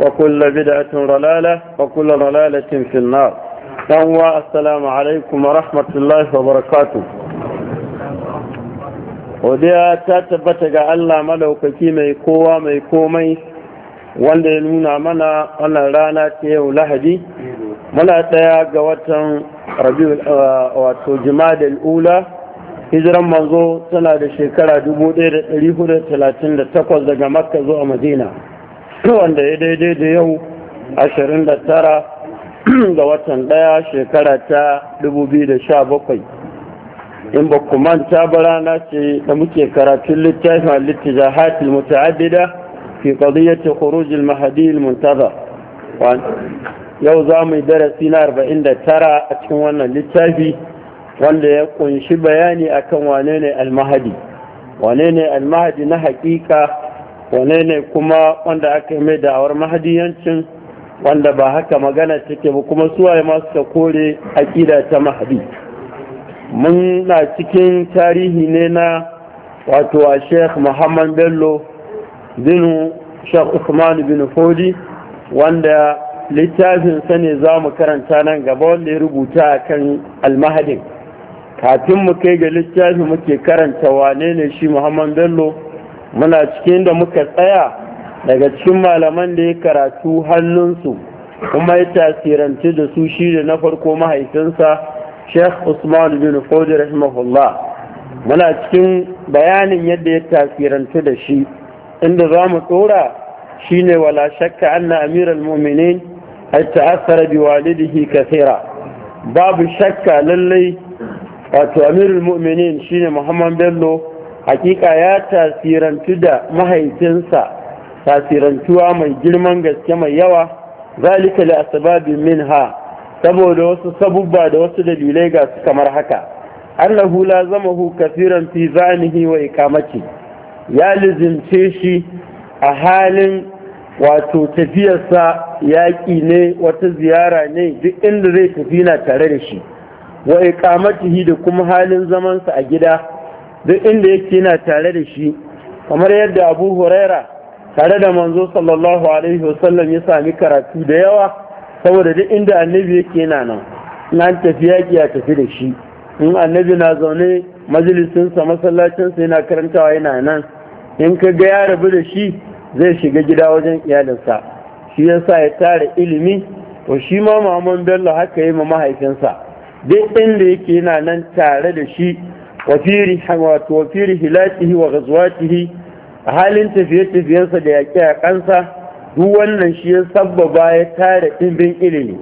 وكل بدعة ضلالة وكل ضلالة في النار نوى السلام عليكم ورحمة الله وبركاته وديا تتبت ga Allah madaukaki mai kowa mai komai wanda ya nuna mana wannan rana ta yau Lahadi muna ɗaya ga watan Rabiul wato Jumadal Ula hijiran manzo tana da shekara 1438 daga Makka zuwa Madina wanda ya daidai da yau 29 ga watan daya shekara ta 2017 in ba ku manta barana ce da muke karatun littafin al da al-muta'addida fi qadiyyat khuruj al al yau za mu yi darasi na 49 a cikin wannan littafi wanda ya kunshi bayani akan wane ne al mahadi wane ne al mahadi na hakika wane ne kuma wanda aka yi mai da'awar mahadiyancin wanda ba haka magana take ba kuma suwaye ma suka kore aƙida ta mahadi mun na cikin tarihi ne na wato a sheikh muhammad bello binu sheikh usman bin fodi wanda littafinsa ne za mu karanta nan gaba wanda ya rubuta a kan almahadin kafin mu kai ga littafi muke karanta wane ne shi muhammad bello muna cikin da muka tsaya daga cikin malaman da ya karatu hannunsu kuma ya tasiranci da su shi da na farko mahaifinsa sheikh usman bin fodi rahimahullah muna cikin bayanin yadda ya tasiranci da shi inda za mu tsora shi shine wala shakka anna amiral muminin a ta'assara bi walidihi kasira babu shakka lallai wato amirul mu'minin shine muhammad bello hakika ya tasirantu da mahaifinsa tasirantuwa mai girman gaske mai yawa zalika li asbabi minha saboda wasu sabubba da wasu dalilai ga su kamar haka annahu la zamahu kafiran fi zanihi wa ikamati ya lizince shi a halin wato tafiyarsa yaƙi ne wata ziyara ne duk inda zai tafi na tare da shi wa ikamatihi da kuma halin zamansa a gida duk inda yake yana tare da shi kamar yadda abu huraira tare da manzo sallallahu alaihi wasallam ya sami karatu da yawa saboda duk inda annabi yake yana nan in an tafi yaƙi a tafi da shi in annabi na zaune majalisinsa masallacinsa yana karantawa yana nan in ka ga ya rabu da shi zai shiga gida wajen iyalinsa shi yasa ya tara ilimi to shi ma Muhammad Bello haka yi ma mahaifinsa duk inda yake yana nan tare da shi wafiri wato wafiri hilatihi wa ghazwatihi a halin tafiye-tafiyensa da a yaƙansa duk wannan shi ya sabbaba ya tare ɗimbin ilimi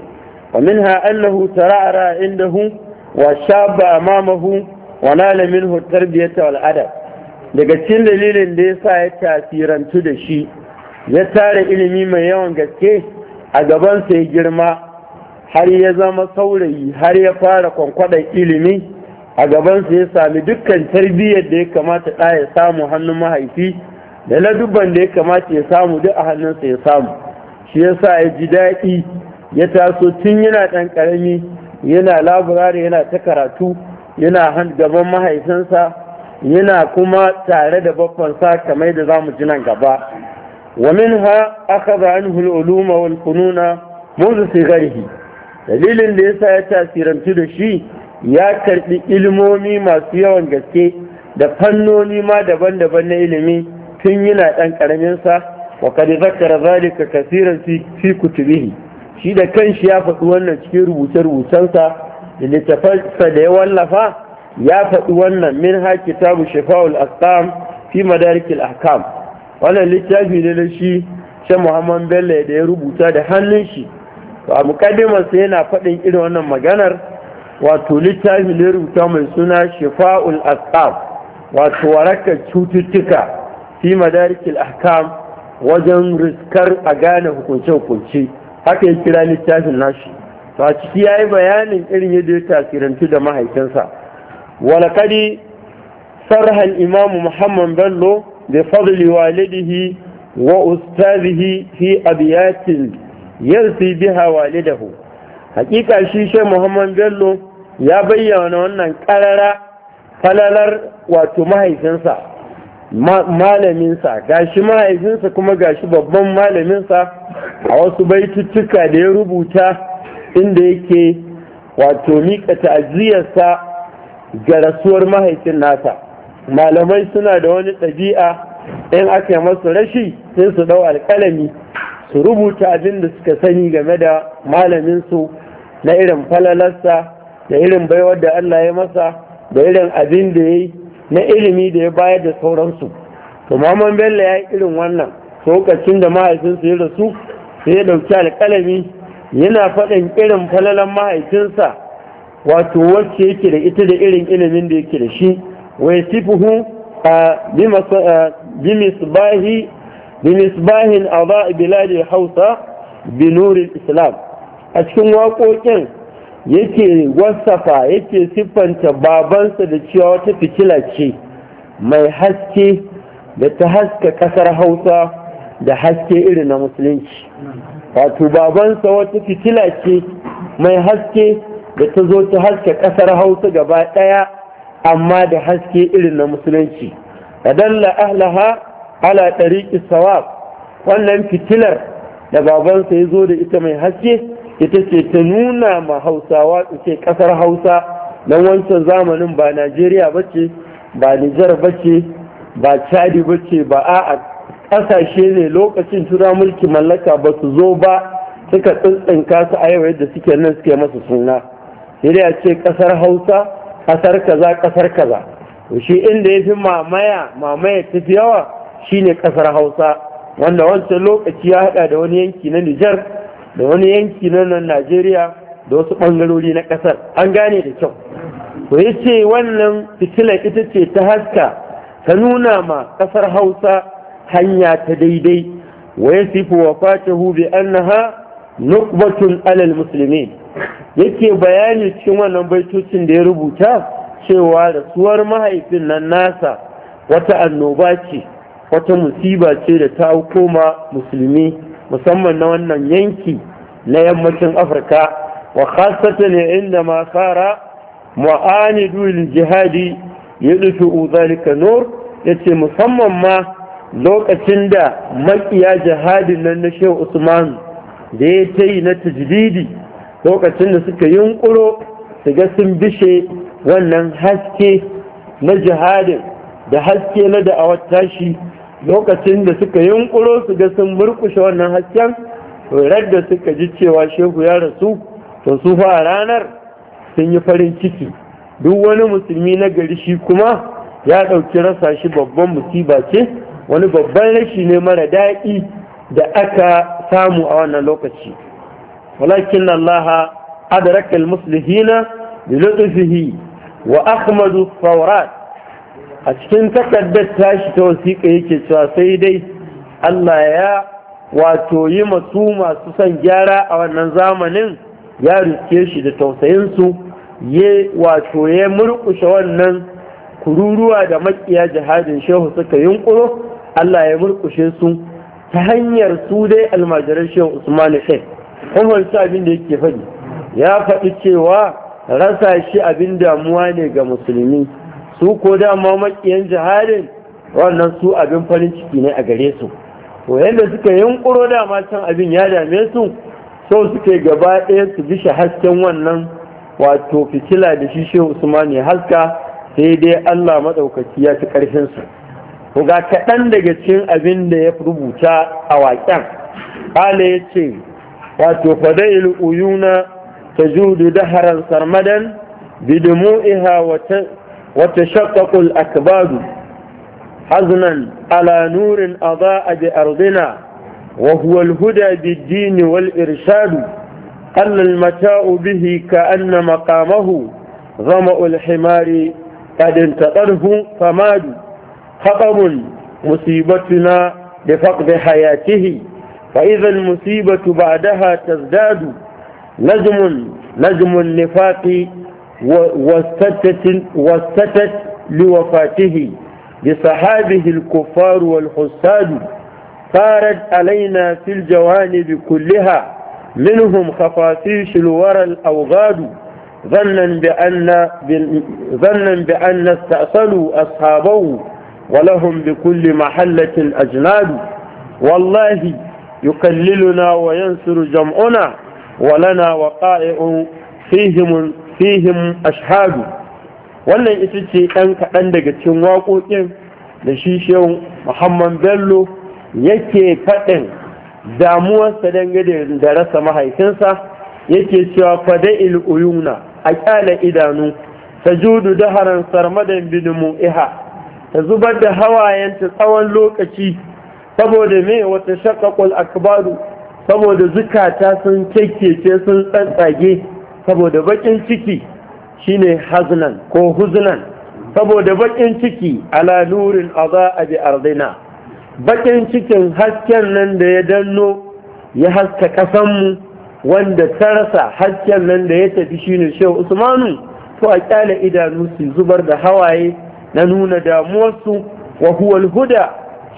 wa minha annahu tara'ara indahu wa shaba amamahu wa nala minhu tarbiyata wal adab daga cikin dalilin da ya sa ya tasirantu da shi ya tare ilimi mai yawan gaske a gabansa ya girma har ya zama saurayi har ya fara kwankwaɗar ilimi a gabansa ya sami dukkan tarbiyyar da ya kamata ɗa ya samu hannun mahaifi da ladubban da ya kamata ya samu duk a hannunsa ya samu shi ya sa ya ji daɗi ya taso tun yana ɗan ƙarami yana laburare yana ta karatu yana gaban mahaifinsa yana kuma tare da babbansa kamar da za mu ji nan gaba wa ha akhadha anhu al-uluma wal fununa منذ gari. dalilin da ya sa ya tasiranci da shi ya karbi ilmomi masu yawan gaske da fannoni ma daban-daban na ilimi tun yana ɗan ƙaraminsa wa kadi zakara zalika kasiran fi kutubihi shi da kanshi ya faɗi wannan cikin rubuce-rubucensa da littafansa da ya wallafa ya faɗi wannan min ha kitabu shafa'ul asqam fi madarikil ahkam wannan littafi ne na shi shan muhammad bello da ya rubuta da hannun shi to a mukaddimarsa yana faɗin irin wannan maganar wato littafi ne rubuta mai suna shifa'ul asqab wato waraka cututtuka fi madarikil ahkam wajen riskar a gane hukunce-hukunce haka ya kira littafin nashi to a ciki ya yi bayanin irin yadda ya tasirantu da mahaifinsa walakadi sarhan Imam muhammad bello da fadli walidihi wa ustazihi fi abiyatin yarsi biha walidahu hakika shi shi muhammad bello ya bayyana wannan karara falalar wato mahaifinsa malaminsa gashi mahaifinsa kuma gashi babban malaminsa a wasu baituttuka da ya rubuta inda yake wato miƙa ta'aziyarsa ga rasuwar mahaifin nasa malamai suna da wani ɗabi'a in aka yi masu rashi sai su ɗau alƙalami su rubuta abin da suka sani game da malaminsu na irin falalarsa da irin baiwar da Allah ya masa da irin abin da ya na ilimi da ya bayar da sauransu to maman bello ya yi irin wannan lokacin da mahaifinsa ya rasu sai ya ɗauki alƙalami yana faɗin irin falalan mahaifinsa wato wacce yake da ita da irin ilimin da yake da shi wai sifuhu a bimisbahin a ba'a biladi hausa binurin islam a cikin waƙoƙin yake wasafa yake siffanta babansa da cewa wata fitila ce mai haske da ta haska kasar hausa da haske iri na musulunci wato babansa wata fitila ce mai haske da ta zo ta haska kasar hausa gaba ɗaya amma da haske iri na musulunci adalla ahlaha ala ɗariƙi sawab wannan fitilar da babansa ya zo da ita mai haske ita ce ta nuna ma hausawa su ce kasar hausa na wancan zamanin ba najeriya ba ce ba nijar ba ce ba chadi ba ce ba a ƙasashe ne lokacin tura mulki mallaka ba su zo ba suka tsintsinka su a yau yadda suke nan suke masa suna sai ce kasar hausa kasar kaza kasar kaza to shi inda ya fi mamaya mamaya ta fi yawa shine kasar hausa wanda wancan lokaci ya haɗa da wani yanki na nijar da wani yanki na nan Najeriya da wasu ɓangarori na ƙasar an gane da kyau to ya ce wannan fitilar ita ce ta haska ta nuna ma ƙasar Hausa hanya ta daidai wa ya sifu wa fatahu bi annaha nukbatun alal musulmi yake bayani cikin wannan baitocin da ya rubuta cewa rasuwar mahaifin nan nasa wata annoba ce wata musiba ce da ta koma musulmi musamman na wannan yanki na yammacin afirka wa ne inda ma fara mu'ani ya jihadi yadfu zalika nur yace musamman ma lokacin da makiya jihadin nan na Shehu Usman da ya ta yi na tajdidi lokacin da suka yunkuro su ga sun bishe wannan haske na jihadin da haske na da'awar tashi lokacin da suka yunkuro su ga sun murkushe wannan hasken to radda suka ji cewa shehu ya rasu to su fa ranar sun yi farin ciki duk wani musulmi na gari shi kuma ya ɗauki rasa shi babban musiba ce wani babban rashi ne mara daɗi da aka samu a wannan lokaci walakin allaha adrakal muslihina bi lutfihi wa ahmadu fawrat a cikin takaddar tashi ta wasiƙa yake cewa sai dai Allah ya wato yi masu masu son gyara a wannan zamanin ya rike shi da tausayinsu ya wato ya murkushe wannan kururuwa da makiya jihadin shehu suka yunkuro Allah ya murkushe su ta hanyar su dai almajiran shehu usman Shek kuma abin da yake faɗi ya faɗi cewa rasa shi abin damuwa ne ga musulmi su ko dama makiyan jihadin wannan su abin farin ciki ne a gare su to yadda suka yunkuro dama can abin ya dame su sau suke gaba ɗaya su shi hasken wannan wato fitila da shi shehu usman ya haska sai dai allah maɗaukaki ya ci ƙarfinsu to ga kaɗan daga cikin abin da ya rubuta a waƙen ƙala ya ce wato fada'il uyuna ta judu daharan sarmadan bidumu'iha wata shakakul akbadu حزنا على نور أضاء بأرضنا وهو الهدى بالدين والإرشاد قل المتاء به كأن مقامه ظمأ الحمار قد انتقله فماد خطب مصيبتنا بفقد حياته فإذا المصيبة بعدها تزداد نجم نجم النفاق وستت لوفاته بصحابه الكفار والحساد فارد علينا في الجوانب كلها منهم خفافيش الورى الأوغاد ظنا بأن, ظنا بأن استأصلوا أصحابه ولهم بكل محلة أجناد والله يكللنا وينصر جمعنا ولنا وقائع فيهم, فيهم أشهاد wannan ita ce ɗan kaɗan daga cikin waƙoƙin da shi shehu muhammad bello yake faɗin damuwarsa dangane da rasa mahaifinsa yake cewa fada uyuna a ƙyale idanu ta judu daharan sarmadan bin mu'iha ta zubar da hawayenta tsawon lokaci saboda mai wata shakakul akbaru saboda zukata sun kyakkece sun tsantsage saboda baƙin ciki shine haznan ko huznan saboda bakin ciki ala nurin a bi ardina bakin cikin hasken nan da ya danno ya haska kasanmu wanda ta rasa hasken nan da ya tafi shine shehu usmanu to a kyale idanu su zubar da hawaye na nuna damuwarsu wa huwal huda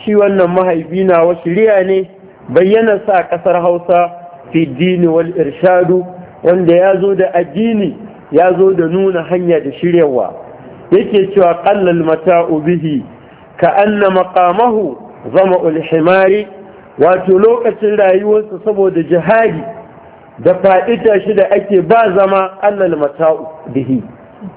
shi wannan mahaifi na wa shirya ne bayyana sa kasar hausa fi dini wal irshadu wanda ya zo da addini ya zo da nuna hanya da shiryawa yake cewa qallal mata'u bihi ka anna maqamahu zama ulhimari wato lokacin rayuwarsa saboda jihadi da fa'ita shi da ake ba zama qallal mata'u bihi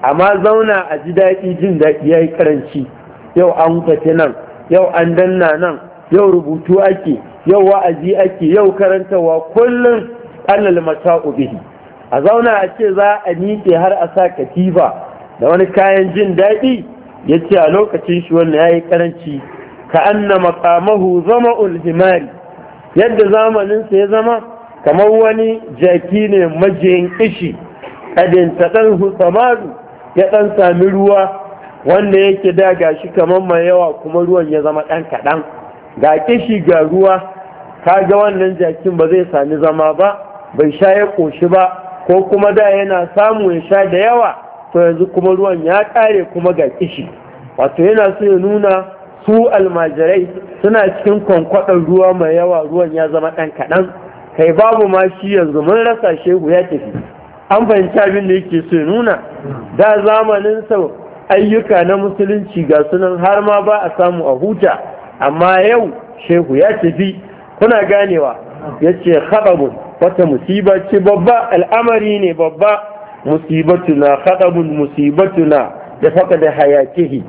amma zauna a ji daɗi jin daɗi ya yi karanci yau an kwace nan yau an danna nan yau rubutu ake yau wa'azi ake yau karantawa kullum allal mata'u bihi a zauna a ce za a miƙe har a sa katifa da wani kayan jin daɗi ya ce a lokacin shi wannan ya yi ƙaranci ka anna makamahu zama ulhimari yadda zamaninsa ya zama kamar wani jaki ne majiyin ƙishi ƙadin ta ɗan ya ɗan sami ruwa wanda yake da shi kamar mai yawa kuma ruwan ya zama ɗan kaɗan ga ƙishi ga ruwa ga wannan jakin ba zai sami zama ba bai sha ya ƙoshi ba ko kuma da yana samu ya sha da yawa to yanzu kuma ruwan ya ƙare kuma ga kishi wato yana so ya nuna su almajirai suna cikin kwankwaɗon ruwa mai yawa ruwan ya zama ɗan kaɗan kai babu ma shi yanzu mun rasa shehu ya tafi an fahimci abin da yake so ya nuna da zamanin sau ayyuka na musulunci ga sunan har ma ba a samu a huta amma yau shehu ya tafi kuna ganewa ya ce wata musiba ce babba al'amari ne babba musibatuna khadabun musibatuna da faka da hayakihi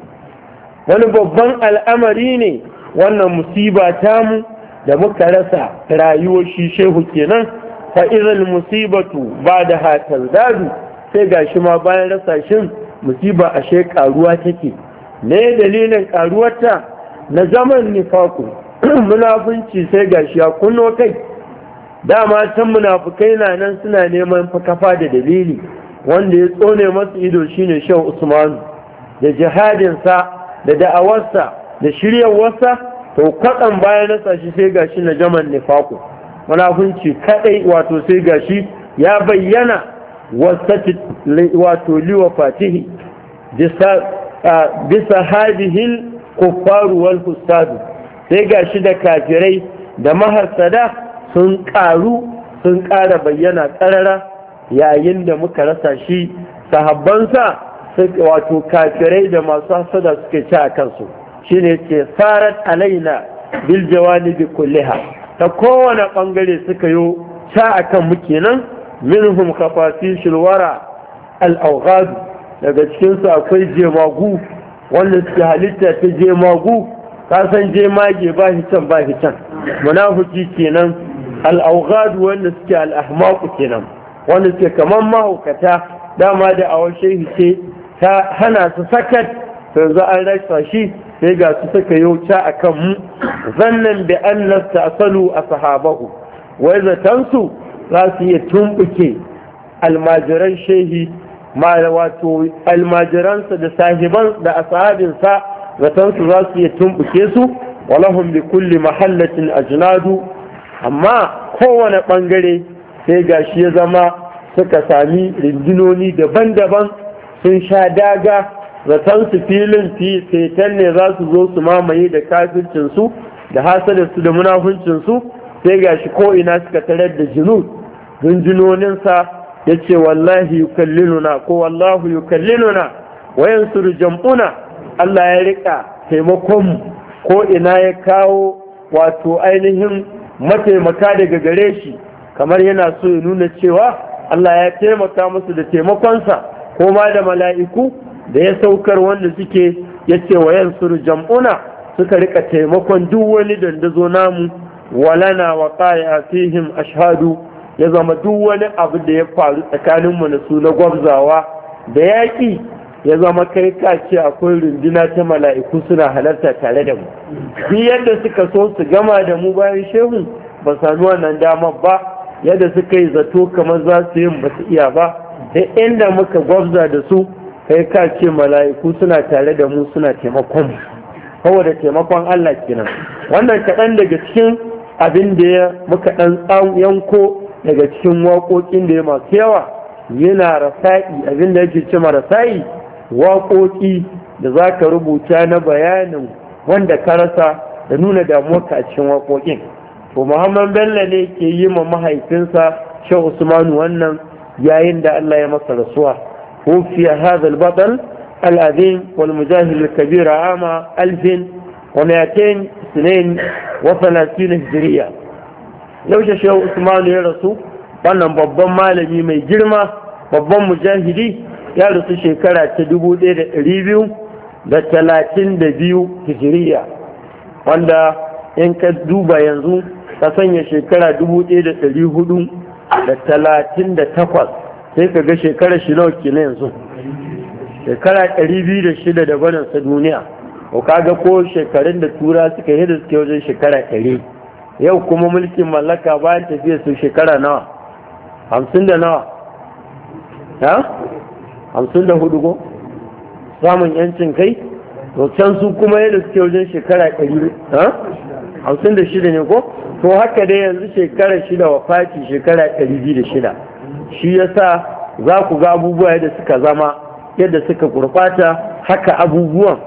wani babban al'amari ne wannan musiba mu da muka rasa rayuwar shi shehu kenan fa idan musibatu ba da hatar dadu sai gashi ma bayan rasa shin musiba ashe karuwa take ne dalilin karuwarta na zaman nifaku munafunci sai gashi ya kunno kai dama can munafukai na nan suna neman kafa da dalili wanda ya tsone masu ido shine shan usmanu da jihadinsa da da'awarsa da wasa, to kaɗan bayan na shi sai gashi na jaman nifaku munafunci kadai, wato sai gashi ya bayyana wato liwa fatihi bisa hadihin kuffaru wal sai gashi da kafirai da maharsada sun ƙaru sun ƙara bayyana ƙarara yayin da muka rasa shi sahabbansa wato kafirai da masu hasada suke ci a kansu shi ne ce sarat alaina bil jawanibi kulliha ta kowane ɓangare suka "Ci a akan muke nan?" minhum khafafi shilwara al daga cikinsu akwai jemagu wanda suke halitta ta jemagu ka san jemage ba hitan ba hitan munafiki kenan al'augadu wanda suke al'ahmaku kenan wanda suke kamar mahaukata dama da awar shehi ce ta hana su sakat yanzu an rasa shi sai ga su suka yauta a kan mu zannan da an lasta asalu a sahabahu wai zatansu za su iya tumbuke almajiran shehi ma wato almajiransa da sahiban da ashabinsa zatansu za su iya tumbuke su walahum bi kulli mahallatin ajnadu amma kowane ɓangare sai gashi ya zama suka sami rindinoni daban-daban sun sha daga zaton su filin fetan ne za su zo su mamaye da kafircinsu da hasadarsu da munafuncinsu sai gashi ko'ina suka tarar da jinu rindinoninsa ya ce wallahi yukalliluna ko wallahu yukalliluna wayan su jam'una Allah ya riƙa taimakonmu ko'ina ya kawo wato ainihin mataimaka daga gare shi kamar yana so ya nuna cewa Allah ya taimaka musu da taimakonsa ko ma da mala'iku da ya saukar wanda suke ya ce wa yansuru jam'una suka rika taimakon duk wani dandazo namu walana wa qaya fihim ashhadu ya zama duk wani abu da ya faru tsakaninmu na su na gwabzawa da yaƙi ya zama kai ka ce akwai runduna ta mala'iku suna halarta tare da mu shi yadda suka so su gama da mu bayan shehu ba sami wannan dama ba yadda suka yi zato kamar za su yin ba su iya ba sai inda muka gwabza da su kai ka ce mala'iku suna tare da mu suna taimakon mu da taimakon Allah kenan wannan kaɗan daga cikin abin da ya muka ɗan yanko daga cikin waƙoƙin da ya masu yawa yana rasa'i abin da yake ce rasa'i waƙoƙi da za ka rubuta na bayanin wanda ka rasa da nuna damuwarka a cikin waƙoƙin to muhammad bello ne ke yi ma mahaifinsa shehu usmanu wannan yayin da allah ya masa rasuwa hufiya hadal badal al'azim wal mujahil kabira ama alfin wa miyatain sinin wa talatin hijriya yaushe shehu usmanu ya rasu wannan babban malami mai girma babban mujahidi ya rasu shekara ta dubu ɗaya da ɗari biyu da talatin da biyu hijiriya wanda in ka duba yanzu ka sanya shekara dubu ɗaya da ɗari hudu da talatin da takwas sai ka ga shekara shi nawa ke yanzu shekara ɗari biyu da shida da barinsa duniya ko kaga ko shekarun da tura suka yi da suke wajen shekara ɗari yau kuma mulkin mallaka bayan tafiya su shekara nawa hamsin da nawa hamsin da hudu ko samun yancin kai to can su kuma yadda suke wajen shekara ɗari hamsin da shida ne ko to haka dai yanzu shekara shida wa fati shekara ɗari biyu da shida shi ya sa za ku ga abubuwa yadda suka zama yadda suka gurɓata haka abubuwan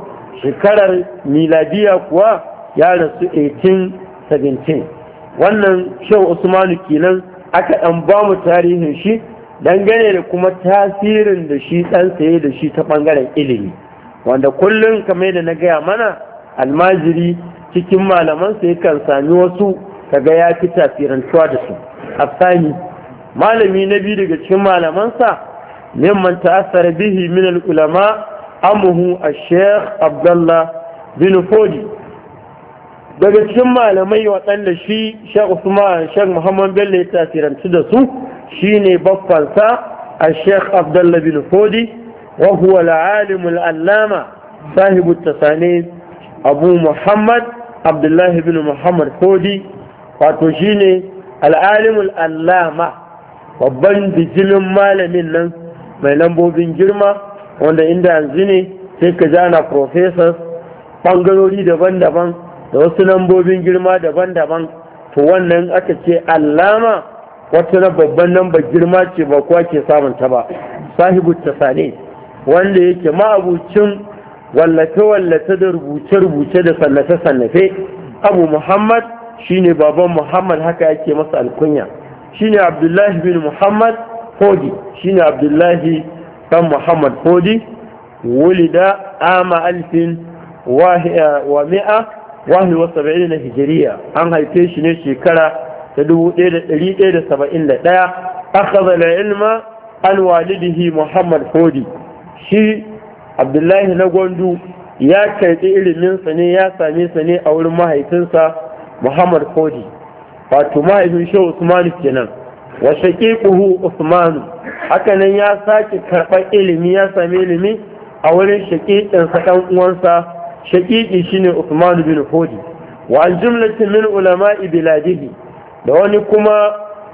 shekarar miladiya kuwa ya rasu 1817 wannan shau usmanu kenan aka ɗan ba mu tarihin shi dangane da kuma tasirin da shi ɗansa saye da shi ta ɓangaren ilimi wanda kullum kamar da na gaya mana almajiri cikin malamansa yakan sami wasu kaga ya fi tasirantuwa da su afsani malami na biyu daga cikin malamansa mimman ta'assara bihi min al-ulama amuhu ash-shaykh abdullah bin fodi daga cikin malamai waɗanda shi shek usman shek muhammad bello ya tasiranci da su shine baffansa a shek Abdullahi bin fodi wa huwa al allama sahibu tasane abu muhammad abdullahi bin muhammad fodi wato shine ne al'alimul allama babban bijilin malamin nan mai lambobin girma wanda inda yanzu ne sai ka jana professors ɓangarori daban-daban da wasu lambobin girma daban-daban to wannan aka ce allama wata na babban namba girma ce ba kuwa ke samun ta ba sahibu tasani wanda yake ma'abucin wallafe-wallafe da rubuce-rubuce da sallafe-sallafe abu muhammad shine baban muhammad haka yake masa alkunya shine abdullahi bin muhammad hodi shine abdullahi dan muhammad hodi wulida ama alfin eh, wa mi'a wahyu wa saba'in na hijiriya an haife shi ne shekara ta dubu ɗaya da ɗari ɗaya da saba'in da ilma an muhammad hodi shi abdullahi na gwandu ya karɓi iliminsa ne ya same sa ne a wurin mahaifinsa muhammad hodi wato mahaifin shehu usmanu kenan wa shaƙiƙuhu usmanu haka nan ya sake karɓar ilimi ya sami ilimi a wurin shaqiqinsa ɗan uwansa shaqiqi shine Uthman bin Hudi wa an jumlatin min ulama'i biladihi da wani kuma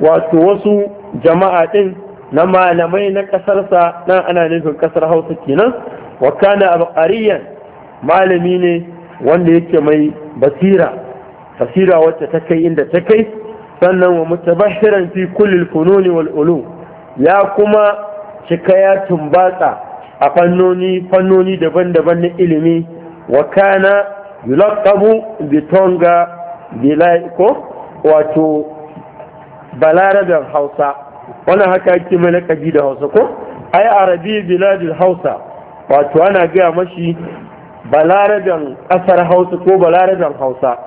wato wasu jama'a din na malamai na kasarsa nan ana nufin kasar Hausa kenan wa kana abqariyan malami ne wanda yake mai basira basira wacce ta kai inda ta kai sannan wa mutabahiran fi kulli fununi wal ulum ya kuma cika ya tumbatsa a fannoni fannoni daban-daban na ilimi Wakana, kana yulaqabu bi tonga bilaiko wato balarabin hausa wannan haka ake mai lakabi da hausa ko ai arabi biladil hausa wato ana gaya mashi balarabin kasar hausa ko balarabin hausa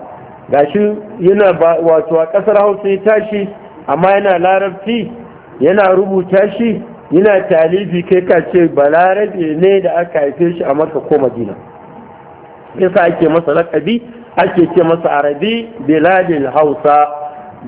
gashi yana wato a kasar hausa ya tashi amma yana larabci yana rubuta shi yana talibi kai ka ce balarabe ne da aka haife shi a maka ko madina yasa ake masa lakabi ake ce masa arabi biladil hausa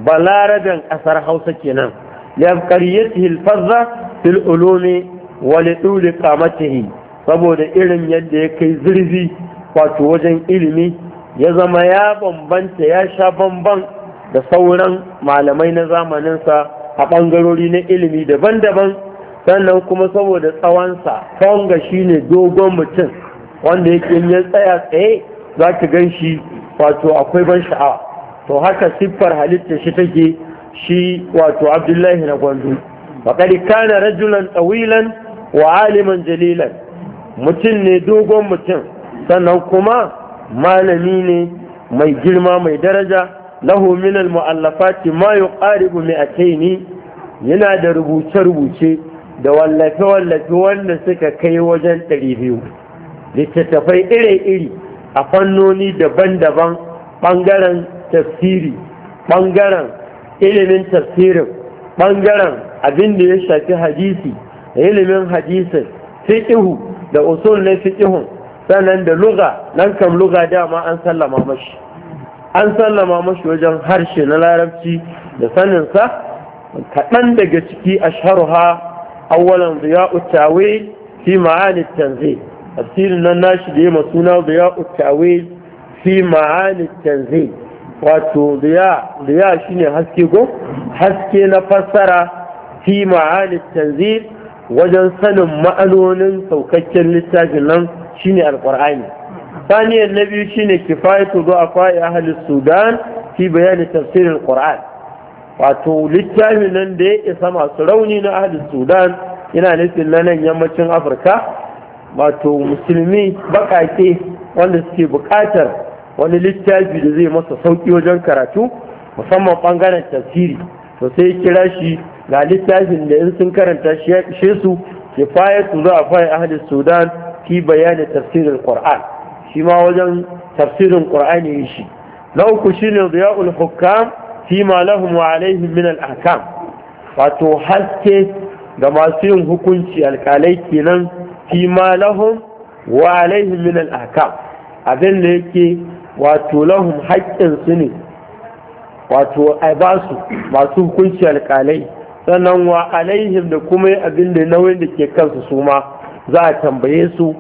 balaraben kasar hausa kenan ya qaryatihi al-fazza fil ulumi wa li qamatihi saboda irin yadda ya kai zurfi wato wajen ilimi ya zama ya bambanta ya sha bamban da sauran malamai na zamaninsa a ɓangarori na ilimi daban-daban sannan kuma saboda tsawonsa tsawon ga ne dogon mutum wanda yake ya tsaya tsaye za ka gan shi wato akwai ban sha'awa to haka siffar halitta shi take shi wato abdullahi na gwandu bakari kana rajulan tsawilan wa aliman jalilan mutum ne dogon mutum sannan kuma malami ne mai girma mai daraja lahu min al-mu'allafati ma yuqaribu mi'ataini yana da rubuce-rubuce da wallafe-wallafe wanda suka kai wajen ɗari biyu littattafai iri-iri a fannoni daban-daban ɓangaren tafsiri ɓangaren ilimin tafsirin ɓangaren abin da ya shafi hadisi da ilimin hadisin fiƙihu da usul na fiƙihun sannan da luga nan kam luga dama an sallama mashi an sallama mashi wajen harshe na larabci da saninsa kaɗan daga ciki a sharuha awwalan ziya'u tawil fi ma'anin tanzil tafsirin nan nashi da ya masuna ziya uttawe fi ma'ani tanzil wato ziya shine haske ko haske na fassara fi ma'ani tanzil wajen sanin ma'anonin saukakken littafin nan shine alqur'ani ثانيا النبي شيني كفاية ضعفاء أهل السودان في بيان tafsirin القرآن wato littafin nan da ya isa masu rauni na ahli sudan ina nufin na nan yammacin afirka wato musulmi bakake wanda suke bukatar wani littafi da zai masa sauki wajen karatu musamman bangaren tafsiri to sai kira shi ga littafin da in sun karanta shi su kifayatu za a fara ahli sudan fi bayani tafsirin qur'an shi ma wajen tafsirin yi shi na uku shine ziya'ul hukam fi ma lahum wa alaihim min al ahkam wato haske ga masu yin hukunci alkalai kenan fi lahum wa alaihim min al abin da yake wato lahum haƙƙin su ne wato a ba su masu hukunci alƙalai sannan wa alaihim da kuma abin da nauyin da ke kansu su ma za a tambaye su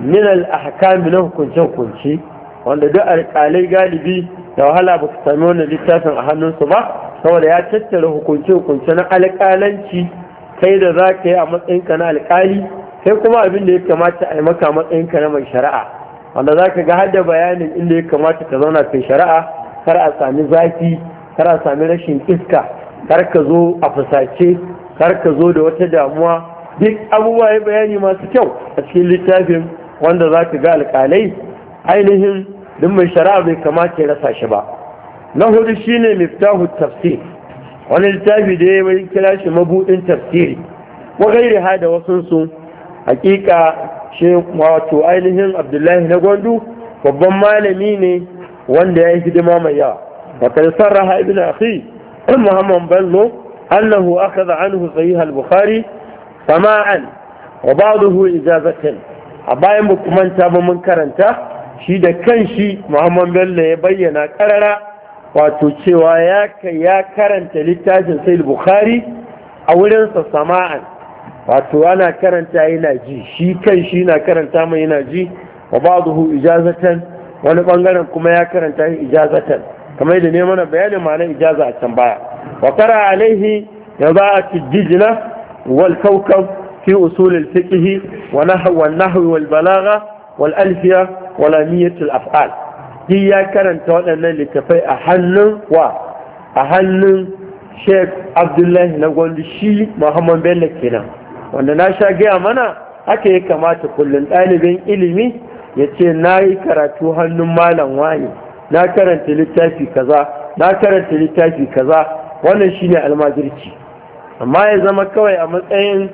min al-ahkam na hukunce hukunce wanda duk alƙalai galibi da wahala ba su sami wannan littafin a hannunsu ba saboda ya tattara hukunce hukunce na alƙalanci kai da za ka yi a matsayinka na alƙali sai kuma abin da ya kamata a yi maka matsayin ka na mai shari'a wanda za ka ga hada bayanin inda ya kamata ka zauna kai shari'a kar a sami zafi kar a sami rashin iska kar ka zo a fusace kar ka zo da wata damuwa duk abubuwa ya bayani masu kyau a cikin littafin wanda za ka ga alƙalai ainihin duk mai shari'a bai kamata ya rasa shi ba na hudu shine miftahu tafsir wani littafi da ya yi kira shi mabuɗin tafsiri wa gairi hada da wasunsu hakika shi wato ainihin abdullahi na gwandu babban malami ne wanda ya yi hidima mai yawa fakar sarraha ibn akhi muhammad bello annahu aka anhu sahih al-bukhari sama'an wa ba'dahu ijazatan a bayan mu manta ba mun karanta shi da kanshi muhammad bello ya bayyana karara wato cewa ya karanta littafin sahih bukhari a wurinsa sama'an wato ana karanta yana ji shi kan shi na karanta mai yana ji wa ba'dahu ijazatan wani bangaren kuma ya karanta ijazatan kamar da neman bayanin ma'anar ijaza a can baya wa qara alaihi ci dijna wal kawkab fi usul al fiqh wa nahw wal nahw wal balagha wal alfiya wal aniyat al af'al shi ya karanta waɗannan littafai a hannun wa a hannun Sheikh Abdullahi na gwandu shi Muhammad Bello kenan wanda na sha gaya mana haka ya kamata kullum ɗalibin ilimi ya ce na yi karatu hannun malam wani na karanta littafi kaza na karanta littafi kaza wannan shine almajirci amma ya zama kawai a matsayin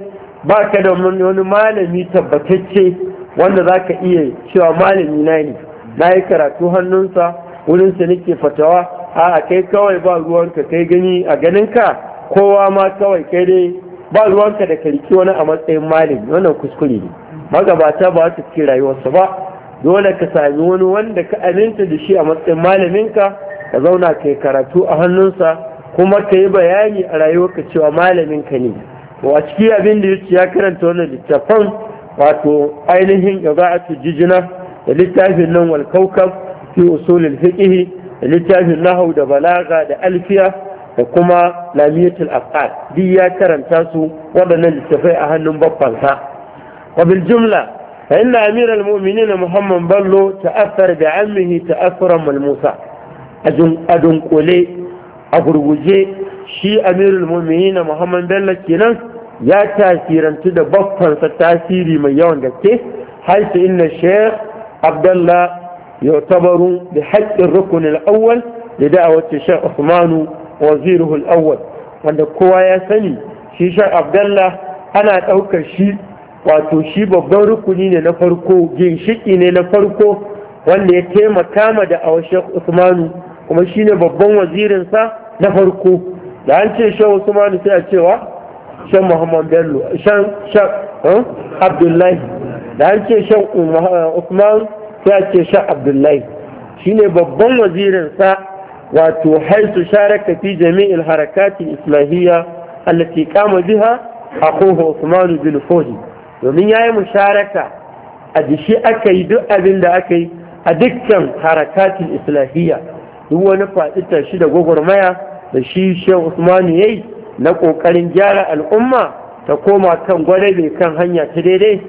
ba ka da wani malami tabbatacce wanda za ka iya cewa malami na ne na yi karatu hannunsa wurinsa nake fatawa a kai kawai ba ruwanka kai gani a ganinka kowa ma kawai kai dai ba ruwanka da karki wani a matsayin malin wannan kuskure ne magabata ba su ci rayuwarsa ba dole ka sami wani wanda ka aminta da shi a matsayin malaminka ka zauna ka yi karatu a hannunsa kuma ka yi bayani a rayuwarka cewa malaminka ne to a ciki abin da ya karanta wannan littattafan wato ainihin ibaatu jijina da littafin nan wal kaukab fi usulil fiqh da littafin nahau da balaga da alfiya da kuma lamiyatul afqal duk ya karanta su waɗannan littafai a hannun babbansa wa bil jumla fa inna amiral mu'minina muhammad ballo ta'affara bi ammihi ta'affara malmusa a dunkule a gurguje shi amirul mu'minina muhammad bello kenan ya tasirantu da babbansa tasiri mai yawan gaske har sai inna sheikh abdallah يعتبر بحق الركن الأول لدعوة الشيخ عثمان waziruhu al-awwal wanda kowa ya sani shi shan abdallah ana ɗaukar shi wato shi babban rukuni ne na farko ginshiki ne na farko wanda ya taimaka ma da awa awashek usmanu kuma shi ne babban wazirinsa na farko da an ce shan usmanu sai a cewa shan muhammad bello shan shan eh, abdullahi da an ce shan usman sai a ce shan abdullahi shi ne babban wazirinsa wato haisu sharaka fi jami'il harakati islahiyya allati kama biha akhuhu Usmanu bin Fuhi domin yayi musharaka a dishi aka yi duk abin da aka yi a dukkan harakacin islahiyya duk wani faɗi shi da gwagwarmaya da shi Sheikh usmanu yayi na kokarin gyara al'umma ta koma kan gwadabe kan hanya ta daidai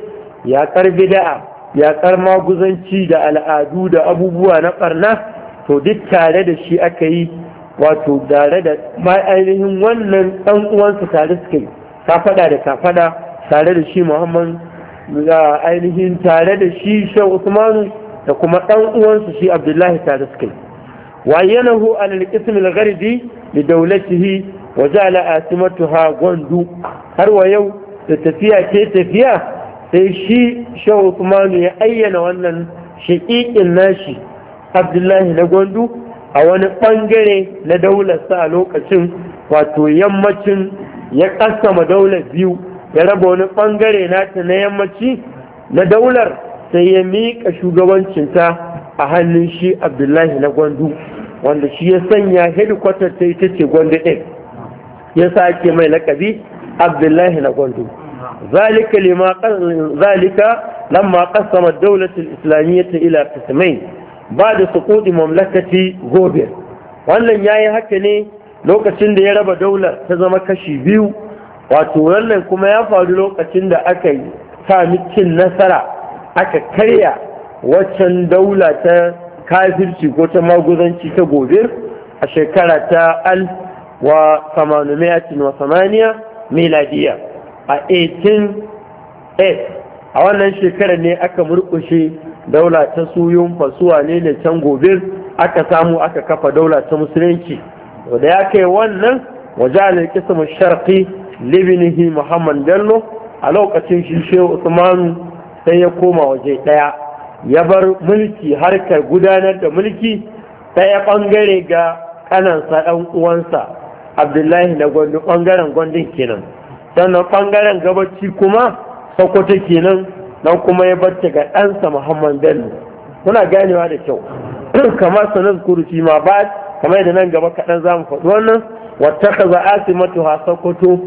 ya karbi da'a ya kar maguzanci da al'adu da abubuwa na barna to duk tare da shi aka yi wato tare da ainihin wannan ɗan uwansa tare suka yi kafada da kafada tare da shi muhammad da ainihin tare da shi shan usmanu da kuma ɗan uwansa shi abdullahi tare suka yi wayyanahu alal ism al-gharbi li dawlatihi wa ja'ala asimatuha gondu har wa yau da tafiya ke tafiya sai shi shan usmanu ya ayyana wannan shaƙiƙin nashi abdullahi na gwandu a wani ɓangare na daularsa a lokacin wato yammacin ya kasama daular biyu ya raba wani ɓangare nata na yammaci na daular sai ya miƙa shugabancinta a hannun shi abdullahi na gwandu wanda shi ya sanya hedikwatar ta ita ce gwandu ɗin ya sake mai lakabi abdullahi na gwandu Zalika لما ذلك لما قسم الدولة الإسلامية إلى قسمين ba da suƙuɗi mamlakati gobe wannan yayi haka ne lokacin da ya raba daular ta zama kashi biyu wato wannan kuma ya faru lokacin da aka yi sami cin nasara aka karya waccan daula ta kafirci ko ta maguzanci ta gobe a shekara ta al wa samanumiyatin wa samaniya miladiya a 18 a wannan shekarar ne aka murkushe daula ta suyun fasuwa ne da can gobe aka samu aka kafa daula ta musulunci da ya kai wannan waje alil kismu sharqi libnihi muhammad bello a lokacin shi shehu usmanu sai ya koma waje daya ya bar mulki harkar gudanar da mulki ɗaya bangare ga kanansa ɗan uwansa abdullahi na gwandu bangaren gwandun kenan sannan bangaren gabaci kuma sokoto kenan dan kuma ya ta ga ɗansa muhammad bello kuna ganewa da kyau kamar zukuru kuruci ma ba kamar yadda nan gaba kaɗan za mu faɗi wannan wata ka za asimatu ha sokoto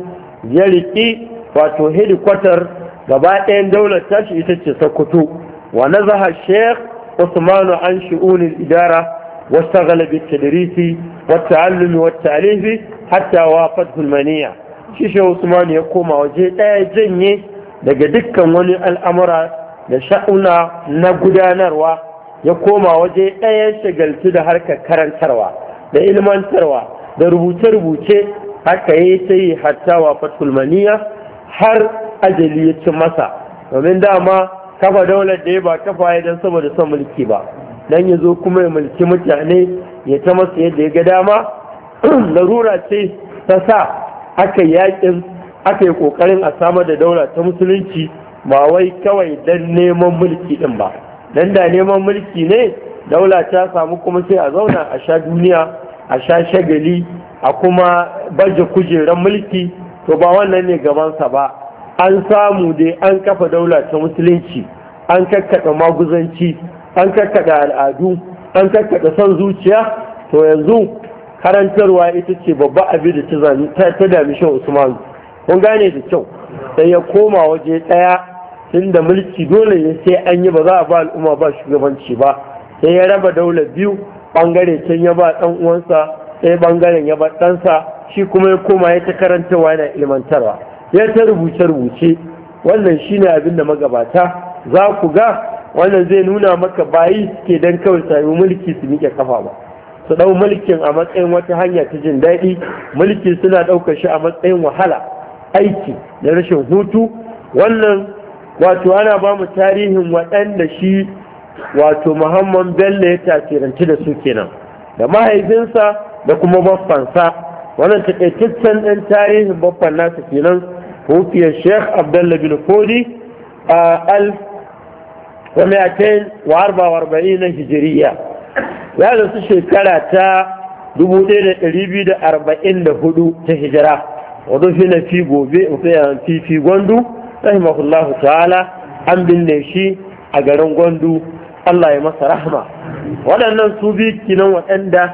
ya riƙi wato hedikwatar gaba ɗayan daular tashi ita ce sokoto wa nazaha sheikh usmanu an shi'uni idara hatta بالتدريس والتعلم والتعليف shi وافته usmanu ya koma waje ɗaya janye daga dukkan wani al'amura da sha'una na gudanarwa ya koma waje ɗaya shagaltu da harkar karantarwa da ilmantarwa da rubuce-rubuce haka yi ta yi hatta wa fatulmaniya har ajali ya ci masa domin dama kafa daular da ya ba kafa ya don saboda son mulki ba don ya zo kuma ya mulki mutane ya ta masa yadda ya ga dama larura ce ta sa aka yaƙin. aka yi kokarin a samar da daula ta musulunci ba wai kawai dan neman mulki din ba dan da neman mulki ne daula ta samu kuma sai a zauna a sha duniya a sha shagali a kuma baje kujeran mulki to ba wannan ne gabansa ba an samu dai an kafa daula ta musulunci an kakkaɗa maguzanci an kakkaɗa al'adu an kakkaɗa son zuciya to yanzu karantarwa ita ce babba abin da ta dami shan usman kun gane da kyau sai ya koma waje ɗaya tunda mulki dole ne sai an yi ba za a ba al'umma ba shugabanci ba sai ya raba daular biyu bangare can ya ba ɗan uwansa sai bangaren ya ba ɗansa shi kuma ya koma ya ta karantawa yana ilmantarwa ya ta rubuce rubuce wannan shine abin da magabata za ku ga wannan zai nuna maka bayi suke dan kawai sami mulki su miƙe kafa ba su ɗau mulkin a matsayin wata hanya ta jin daɗi mulki suna ɗaukar shi a matsayin wahala aiki da rashin hutu wannan wato ana ba mu tarihin waɗanda shi wato muhammad bello ya tasiranci da su kenan da mahaifinsa da kuma baffansa wannan takaitaccen ɗan tarihin baffan nasa kenan hufiyar sheikh abdullah bin fodi a al ومئتين وأربعة وأربعين ta وهذا الشيء كلا تا دبودين الريبي دا أربعين دا fi fi gobe ودفن fi قوبي gwandu في ta'ala. An binne shi a garin gwandu. Allah ya masa rahma. waɗannan su bi kinan waɗanda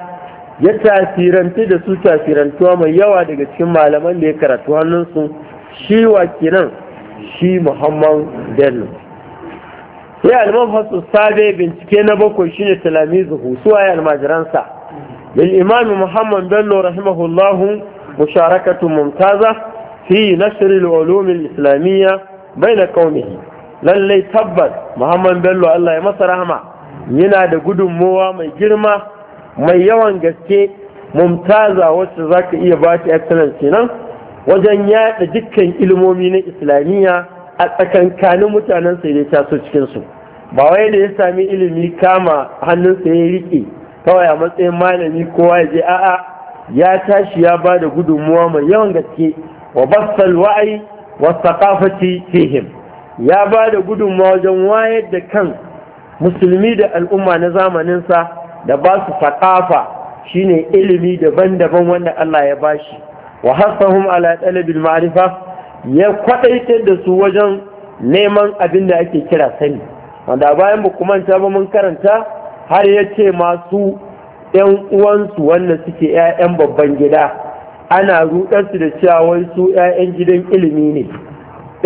ya tafiranta da su tasirantuwa mai yawa daga cikin malaman da ya karatu hannunsu shi wa kinan shi muhammad bello sai alman fasu sabe bincike na bakwai shine talamizu su waye almajiransa bil imami muhammad bello rahimahullahu Musharakatun mumtaza fi nashr al-ulum al-islamiyya baina qaumihi lallai tabbas muhammad bello Allah ya masa rahma, yana da gudummawa mai girma mai yawan gaske mumtaza wacce zaka iya bata ta excellence nan wajen yada dukkan ilmomi na islamiyya a tsakankanin mutanen sai dai taso cikin su ba wai da ya sami ilimi kama hannunsa ya rike kawai a matsayin malami kowa ya je a'a ya tashi ya ba da gudunmuwa mai yawan gaske wa basal wa'ai wa thaqafati fihim ya ba da gudunmuwa wajen wayar da kan musulmi da al'umma na zamaninsa da ba su Shi shine ilimi daban-daban wanda Allah ya ba shi wa hasahum ala talabil ma'rifa ya kwadaitar da su wajen neman abin da ake kira sani wanda bayan ba kuma ba mun karanta har ya ce masu 'yan uwansu wannan suke 'ya'yan babban gida ana rudarsu da cewa wai su 'ya'yan gidan ilimi ne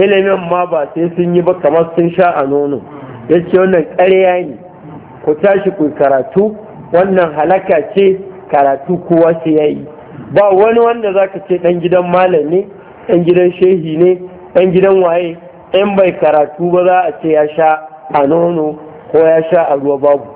ilimin ma ba sai sun yi ba kamar sun sha a nono ya ce wannan ƙarya ne ku tashi ku karatu wannan halaka ce karatu kowa sai ya yi ba wani wanda za ka ce ɗan gidan malam ne ɗan gidan shehi ne ɗan gidan waye in bai karatu ba za a ce ya sha a nono ko ya sha a ruwa babu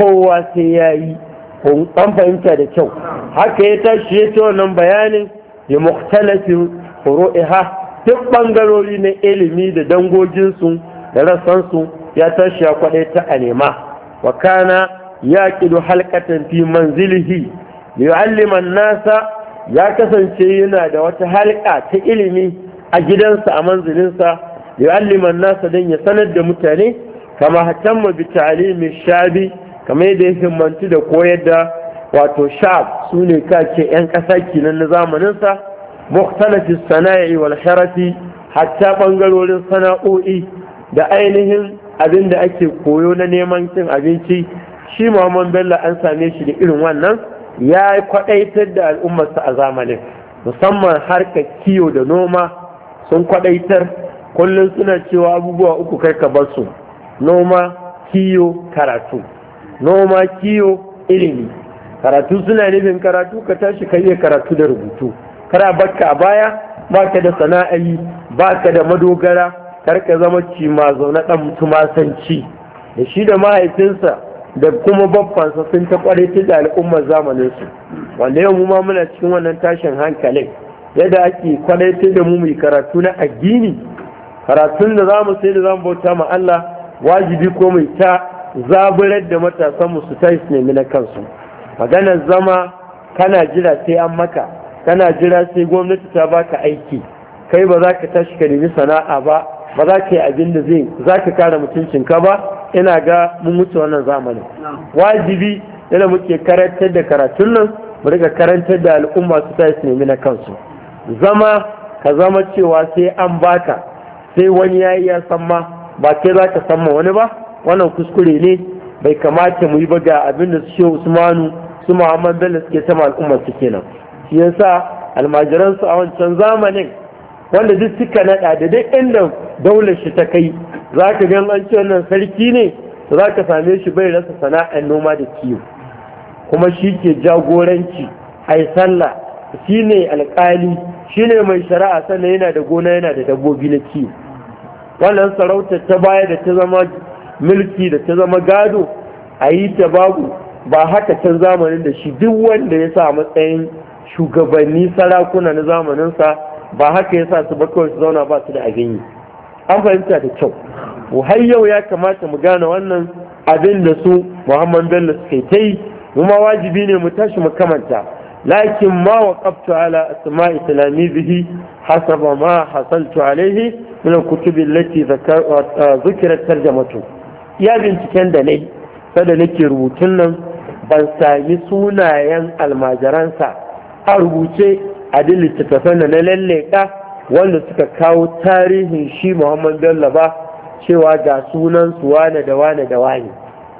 kowa sai ya yi an fahimta da kyau haka ya tashi ya ce wannan bayanin ya muktalafi furu'iha duk bangarori na ilimi da dangoginsu da rassansu ya tashi ya kwaɗai ta a nema wa kana ya kidu halkatan fi manzilihi liyu'alliman nasa ya kasance yana da wata halka ta ilimi a gidansa a manzilinsa liyu'alliman nasa don ya sanar da mutane kama hatamma bi ta'alimi shabi kamar yadda ya himmantu da koyar da wato sha'ab su ne kake 'yan ƙasa kinan na zamaninsa muktalafi sana'i wal sharafi, hatta ɓangarorin sana'o'i da ainihin abin da ake koyo na neman cin abinci shi Muhammad Bello an same shi da irin wannan ya kwaɗaitar da al'ummarsa a zamanin musamman harkar kiyo da noma sun kwaɗaitar kullum suna cewa abubuwa uku kai ka basu noma kiyo karatu noma kiyo ilimi karatu suna nufin karatu ka tashi ka iya karatu da rubutu kara baka a baya baka da sana'ayi ba ka da madogara kar ka zama ci ma zaune ɗan tumasanci da shi da mahaifinsa da kuma babbansa sun ta kware ta da al'ummar zamaninsu wanda yau mu muna cikin wannan tashin hankalin yadda ake ta da mu mai karatu na addini karatun da zamu sai da zamu bauta ma Allah wajibi ko mai ta zaburar da matasanmu su ta yi nemi na kansu maganar zama kana jira sai an maka kana jira sai gwamnati ta baka aiki kai ba za ka tashi ka nemi sana'a ba ba za ka yi abin da zai za ka mutuncin mutuncinka ba ina ga mun mutu wannan zamanin wajibi yana muke karantar da karatun nan mu riga karantar da al'umma su tashi yi nemi na kansu zama ka zama cewa sai an baka sai wani ya yi ya san ma ba kai za ka san ma wani ba wannan kuskure ne bai kamata mu yi ba ga abin da suke usmanu su muhammad bello suke sama al'ummar su kenan shi yasa almajiran su a wancan zamanin wanda duk suka nada da duk inda daular shi ta kai za ka gan an ce wannan sarki ne za ka same shi bai rasa sana'ar noma da kiwo kuma shi ke jagoranci ai sallah shi ne alƙali shi ne mai shari'a sannan yana da gona yana da dabbobi na kiwo wannan sarautar ta baya da ta zama mulki da ta zama gado a yi ta babu ba haka can zamanin da shi duk wanda ya sa matsayin shugabanni sarakuna na zamaninsa ba haka ya sa su ba wasu su zauna ba su da abin yi an fahimta da kyau har yau ya kamata mu gane wannan abin da su muhammad bello suke ta yi kuma wajibi ne mu tashi mu kamanta lakin ma wa kaftu ala asma islami bihi hasaba ma hasaltu alaihi min kutubi allati zikrat tarjamatu Ya binciken da nai sada nake rubutun nan ban sami sunayen almajiransa a rubuce a duk littattafan da na lalleka wanda suka kawo tarihin shi muhammad bello ba cewa ga sunan su wane da wane da wane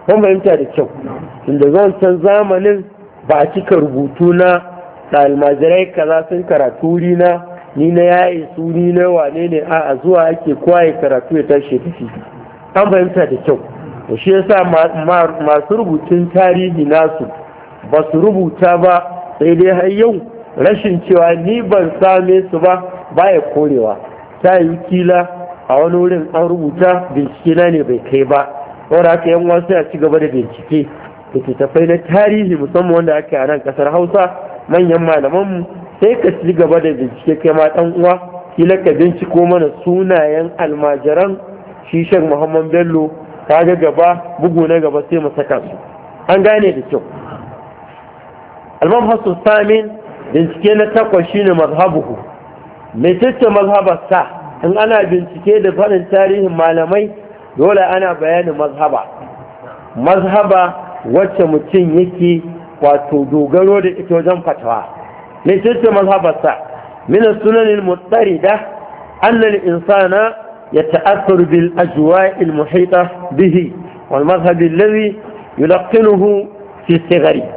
kuma fahimta da kyau inda zan san zamanin ba a cika rubutu na da almajirai kaza sun karatu na ni na yayi su ni na wane ne a zuwa ake kwaye karatu ya tashi tafi an fahimta da kyau shi yasa masu rubutun tarihi nasu ba su rubuta ba sai dai har yau rashin cewa ni ban same su ba baya korewa ta yi kila a wani wurin an rubuta bincike na ne bai kai ba wanda aka yan wasu ya ci gaba da bincike da tafai na tarihi musamman wanda aka yi a nan kasar hausa manyan malaman mu sai ka ci gaba da bincike kai ma dan uwa kila ka binciko mana sunayen almajiran shi shek muhammad bello ta ga gaba bugu na gaba sai mu saka su an gane da kyau almamhasu samin bincike na takwas shine mazhabuhu mai tace mazhabarsa in ana bincike da farin tarihin malamai dole ana bayanin mazhaba mazhaba wacce mutum yake wato dogaro da ita wajen fatawa mai tace mazhabarsa min sunanin da annal insana يتأثر بالأجواء المحيطة به والمذهب الذي يلقنه في صغره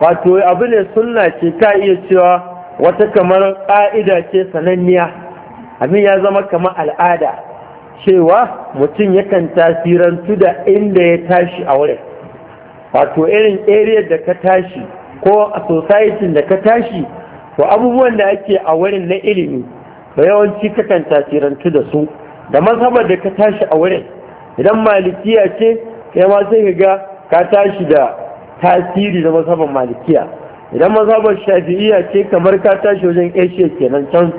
wato abu ne sunna ce ka iya cewa wata kamar ƙa'ida ce sananniya abin ya zama kamar al'ada cewa mutum yakan tasirantu da inda ya tashi a wurin wato irin area da ka tashi ko a da ka tashi to abubuwan da ake a wurin na ilimi da yawanci kakan tasirantu da su da mazhabar da ka tashi a wurin idan malikiya ce kai ma sai ka ga ka tashi da tasiri da mazhabar malikiya idan mazhabar shafi'iya ce kamar ka tashi wajen asia kenan can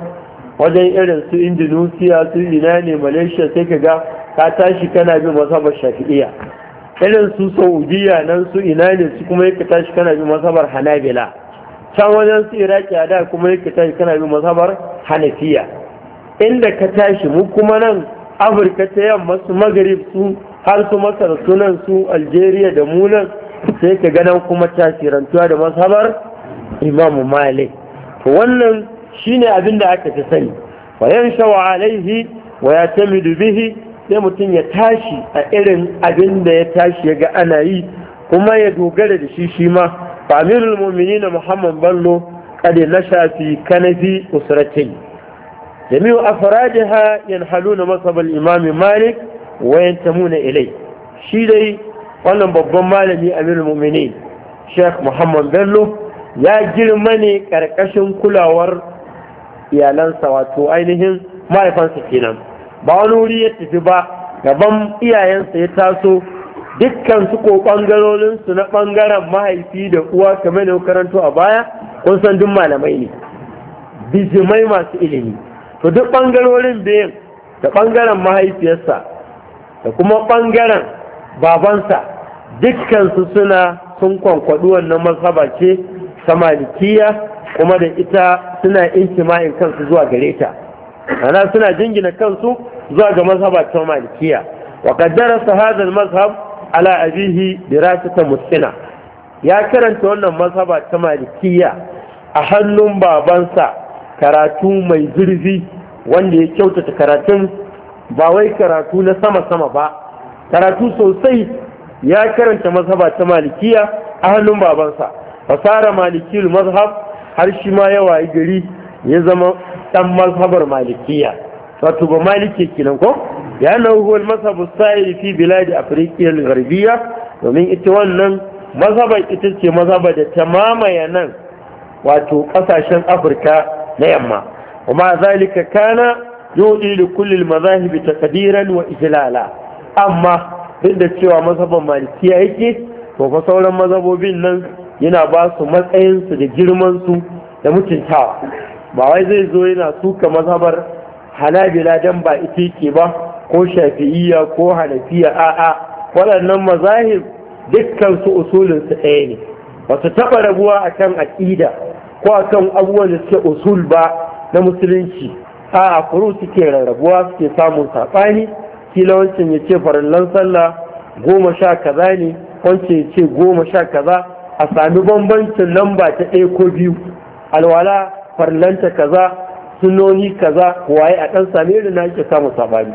wajen irin su indonesia su ina malaysia sai ka ga ka tashi kana bin mazhabar shafi'iya irin su saudiya nan su ina ne su kuma yake tashi kana bin mazhabar hanabila can wajen su iraki da kuma yake tashi kana bin mazhabar hanafiya inda ka tashi mu kuma nan afirka ta yamma su magarib su har su masar sunan su algeria da munan sai ka ganan kuma tasirantuwa da masabar imamu malik wannan shine abin da aka fi sani wa yan shawa alaihi wa ya tamidu bihi sai mutum ya tashi a irin abin da ya tashi ya ga ana yi kuma ya dogara da shi shi ma fa amirul mu'minin muhammad ballo kade na shafi kanafi usratin jami'u afradiha yanhaluna masabal imami malik wa yantamuna ilai shi dai wannan babban malami amirul mu'minin sheikh muhammad bello ya girma ne ƙarƙashin kulawar iyalansa wato ainihin mahaifansa kenan ba wani wuri ya tafi ba gaban iyayensa ya taso dukkan su ko bangarorinsu na bangaren mahaifi da uwa game da karanto a baya kun san duk malamai ne bijimai masu ilimi to duk ɓangarorin biyan, da ɓangaren mahaifiyarsa da kuma ɓangaren babansa dukkansu suna sun kwankwaɗi wannan mazhaba ce ta malikiya kuma da ita suna intima'in kansu zuwa gare ta ana suna jingina kansu zuwa ga mazhaba ta malikiya wa kaddara hadha mazhab ala abihi dirasatan mutsina ya karanta wannan mazhaba ta malikiya a hannun babansa karatu mai zurfi wanda ya kyautata karatun ba wai karatu na sama-sama ba karatu sosai ya karanta mazhaba ta malikiya a hannun babansa fasara malikiyar mazhab har shi ma yawa yi gari ya zama dan mazhabar malikiya wato ba maliki kenan ko ya na huwal mazhabar sa'iri fi biladi afriqiya Garbiya? domin ita wannan mazhabar ita ce mazhabar da ta mamaye nan wato kasashen afirka na yamma kuma zalika kana yudi li kulli al-mazahibi taqdiran wa ijlala amma duk da cewa mazhaban malikiya yake to fa sauran mazhabobin nan yana ba su matsayin su da girman su da mutuntawa ba wai zai zo yana suka mazhabar halabila dan ba ita yake ba ko shafi'iyya ko hanafiya a'a waɗannan mazahib dukkan su usulin su ɗaya ne ba su taɓa rabuwa akan aƙida ko kan abubuwan da suke usul ba na musulunci a kuru suke rarrabuwa suke samun saɓani kila ya ce farallan sallah goma sha kaza ne wancan ya ce goma sha kaza a sami bambancin lamba ta ɗaya ko biyu alwala farlanta kaza sunoni kaza waye a ɗan sami irin na ke samun saɓani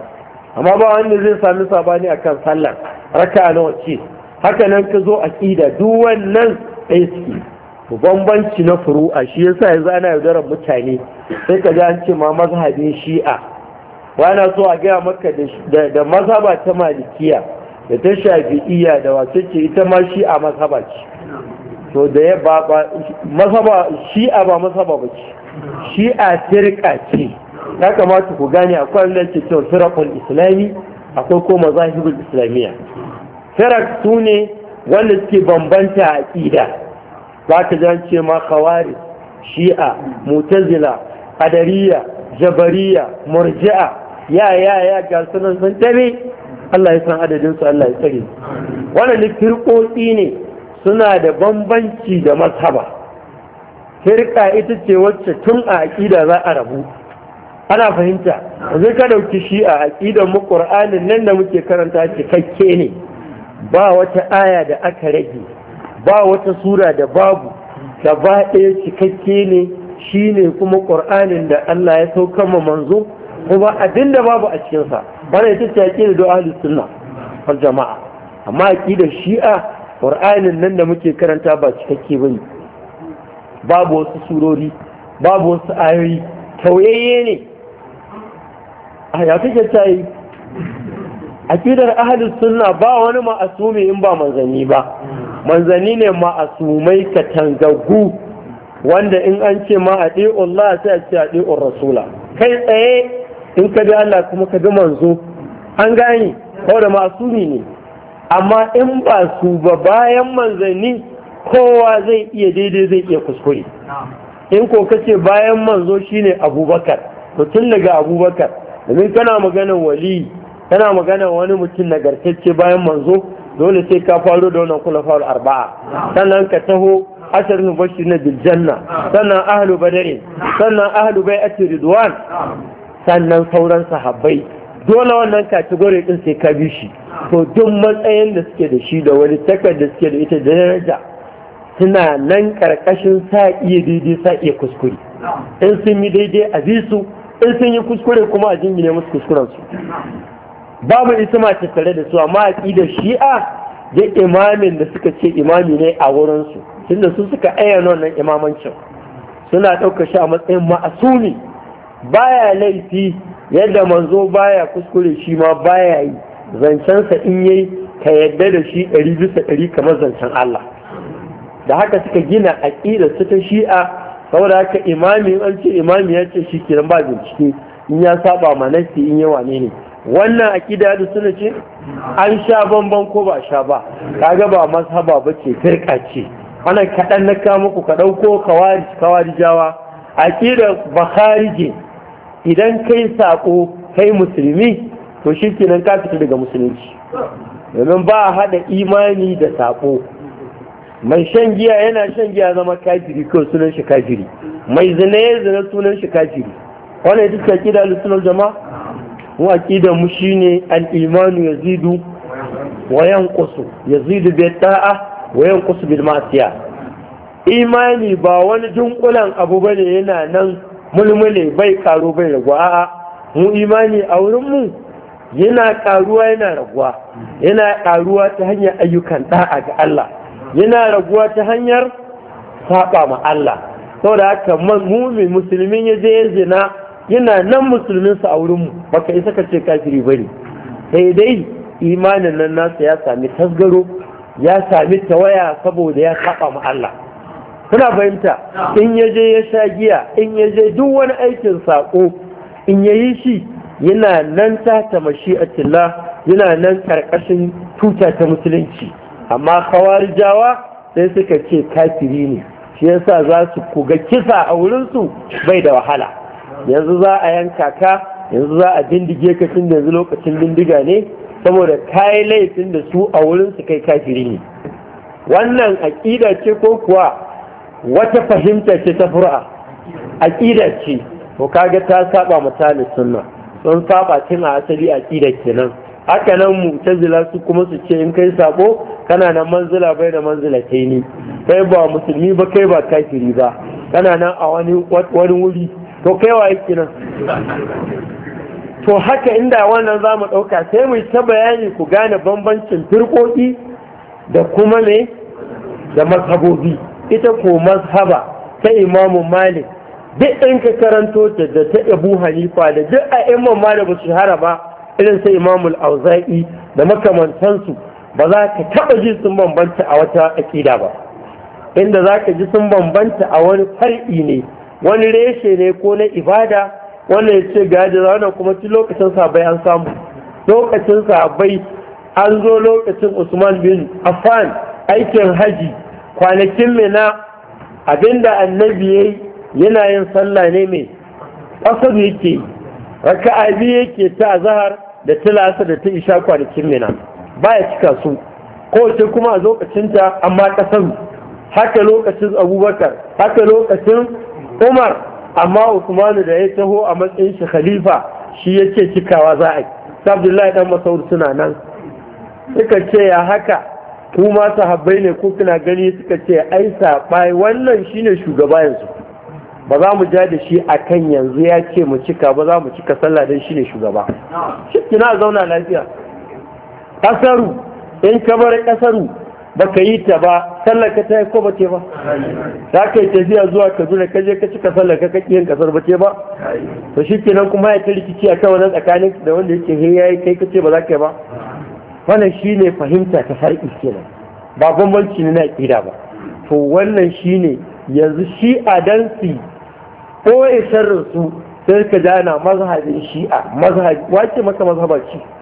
amma ba wanda zai sami saɓani kan sallah raka nawa ce haka nan ka zo a ƙida duk wannan ɗaya suke bambanci na furu'a shi yasa yanzu ana yaudarar mutane sai ka ga an ce ma mazhabin shi'a Ba na so a gaya maka da mazhaba ta malikiya da ta shafi'iya da wace ce ita ma shi'a mazhaba ce to da ya ba mazhaba shi'a ba mazhaba ba ce shi'a firqa ce ya kamata ku gane akwai wanda ke cewa firakun islami akwai ko mazahibul islamiyya firak su wanda suke bambanta ƙida. za ka ji ce ma kawari shi'a mutazila adariya jabariya murji'a ya ya ya ga sunan sun tabe Allah ya san adadin su Allah ya tsare wannan firqoti ne suna da bambanci da mazhaba firqa ita ce wacce tun a aqida za a rabu ana fahimta yanzu ka dauki shi'a aqidan mu qur'anin nan da muke karanta cikakke ne ba wata aya da aka rage ba wata sura da babu gaba ɗaya cikakke ne shi ne kuma ƙur'anin da Allah ya sauka ma manzo kuma abin da babu a cikinsa bana ita ce aƙida da ahlus sunna har jama'a amma aƙidar shi'a ƙur'anin nan da muke karanta ba cikakke ba ne babu wasu surori babu wasu ayoyi tauyayye ne a ya kake ta yi aƙidar ahlus sunna ba wani ma'asumi in ba manzanni ba manzanni ne ma'asumai katangaggu wanda in an ce ma a Allah sai a ce a rasula kai tsaye in ka bi Allah kuma ka bi manzo an gani kawai da ne amma in ba su ba bayan manzanni kowa zai iya daidai zai iya kuskure in ko ka ce bayan manzo shine abubakar Mutum daga abubakar domin kana magana wali kana maganar wani mutum nagartacce bayan manzo dole sai ka faru da wannan kula faru arba'a sannan ka taho ashar nubashi na biljanna sannan ahalu badari sannan ahalu bai a ridwan sannan sauran sahabbai dole wannan kategori din sai ka bi shi to duk matsayin da suke da shi da wani takar da suke da ita da daraja suna nan karkashin sa iya daidai sa iya kuskure in sun yi daidai a bi su in sun yi kuskure kuma a jingine musu kuskuren su babu isma tattare da su amma aqidar shi'a da imamin da suka ce imami ne a wurinsu tunda su suka ayyana wannan imamancin suna ɗauka shi a matsayin ma'asumi baya laifi yadda manzo baya kuskure shi ma baya yi zancensa in yayi ka yadda da shi ɗari bisa ɗari kamar zancen Allah da haka suka gina aƙidar su ta shi'a saboda haka imami an ce imami ya ce shi kiran ba bincike in ya saba manasi in yawa ne ne wannan akida da suna ce an sha bamban ko ba sha ba kaga ba mazhaba ba ce firka ce wannan kaɗan na ka muku ka ɗauko kawarijawa akidar bakharije idan kai saƙo kai musulmi to shi ke ka fita daga musulunci domin ba a haɗa imani da saƙo mai shan giya yana shan giya zama kafiri ko sunan shi kafiri mai zina ya zina sunan shi kafiri wannan ita ce da sunan jama'a mu aqida mu shine al-imanu yazidu wa yanqusu yazidu bi ta'a wa yanqusu bil ma'siya imani ba wani dunkulan abu bane yana nan mulmule bai karo bai raguwa a'a mu imani a wurin mu yana karuwa yana raguwa yana karuwa ta hanyar ayyukan da'a ga Allah yana raguwa ta hanyar saba ma Allah saboda haka mumin musulmin ya je zina yana nan musulminsa a wurinmu baka isa ka ce kafiri bane sai dai imanin nan nasa ya sami tasgaro ya sami tawaya saboda ya saba ma Allah kuna fahimta in yaje je ya sha giya in yaje duk wani aikin sako in ya yi shi yana nan ta ta mashi'atillah yana nan karkashin tuta ta musulunci amma jawa sai suka ce kafiri ne shi yasa za su kuga kisa a wurinsu bai da wahala yanzu za a yanka ka yanzu za a bindige ka tun yanzu lokacin bindiga ne saboda kayan laifin da su a wurin su kai kafiri ne wannan aƙida ce ko kuwa wata fahimta ce ta fura aƙida ce ko kaga ta saba misali sunna sun saba tun a asali aƙida kenan haka nan mu'tazila su kuma su ce in kai sabo kana nan manzila bai da manzila kai ni kai ba musulmi ba kai ba kafiri ba kana nan a wani wuri to kai wa yake nan to haka inda wannan za mu ɗauka sai mu ta bayani ku gane bambancin firƙoƙi da kuma ne da mazhabobi ita ko mazhaba ta imamu malik duk in ka karanto ta da ta abu hanifa da duk a imam malik ba su shahara ba irin sai imamul auza'i da makamantansu ba za ka taɓa ji sun bambanta a wata aƙida ba inda za ka ji sun bambanta a wani far'i ne wani reshe ne ko na ibada wanda ya ce ga yadda wannan kuma ci lokacin sabai an samu lokacin sabai an zo lokacin usman bin Afan, aikin haji kwanakin mina abinda annabi ya yi yana yin sallah ne mai ƙasar yake raka'a biyu yake ta zahar da ta da ta isha kwanakin mina ya cika su kowace kuma a lokacinta amma ƙasar haka lokacin abubakar haka lokacin umar amma usmanu da ya taho a matsayin shi khalifa shi ya ce cikawa za a yi abdullahi dan masaud suna nan suka ce ya haka ku ma sahabbai ne ko kuna gani suka ce ai sabai wannan shine shugaba yanzu ba za mu ja da shi a kan yanzu ya ce mu cika ba za mu cika sallah dan shine shugaba shi kina zauna lafiya ƙasaru in ka bar ƙasaru baka yi ta ba sallar ka ta yi ko bace ba za ka yi tafiya zuwa kaduna ka je ka cika sallar ka kake kasar bace ba to shi kenan kuma ya ta rikici a kan wannan tsakanin da wanda yake he yayi kai ka ce ba za ka yi ba wannan shi ne fahimta ta farki kenan ba bambanci ne na aƙida ba to wannan shi ne yanzu Shi'a a dansi ko ya sai ka jana mazhabin shi'a mazhabi wace maka mazhabar shi'a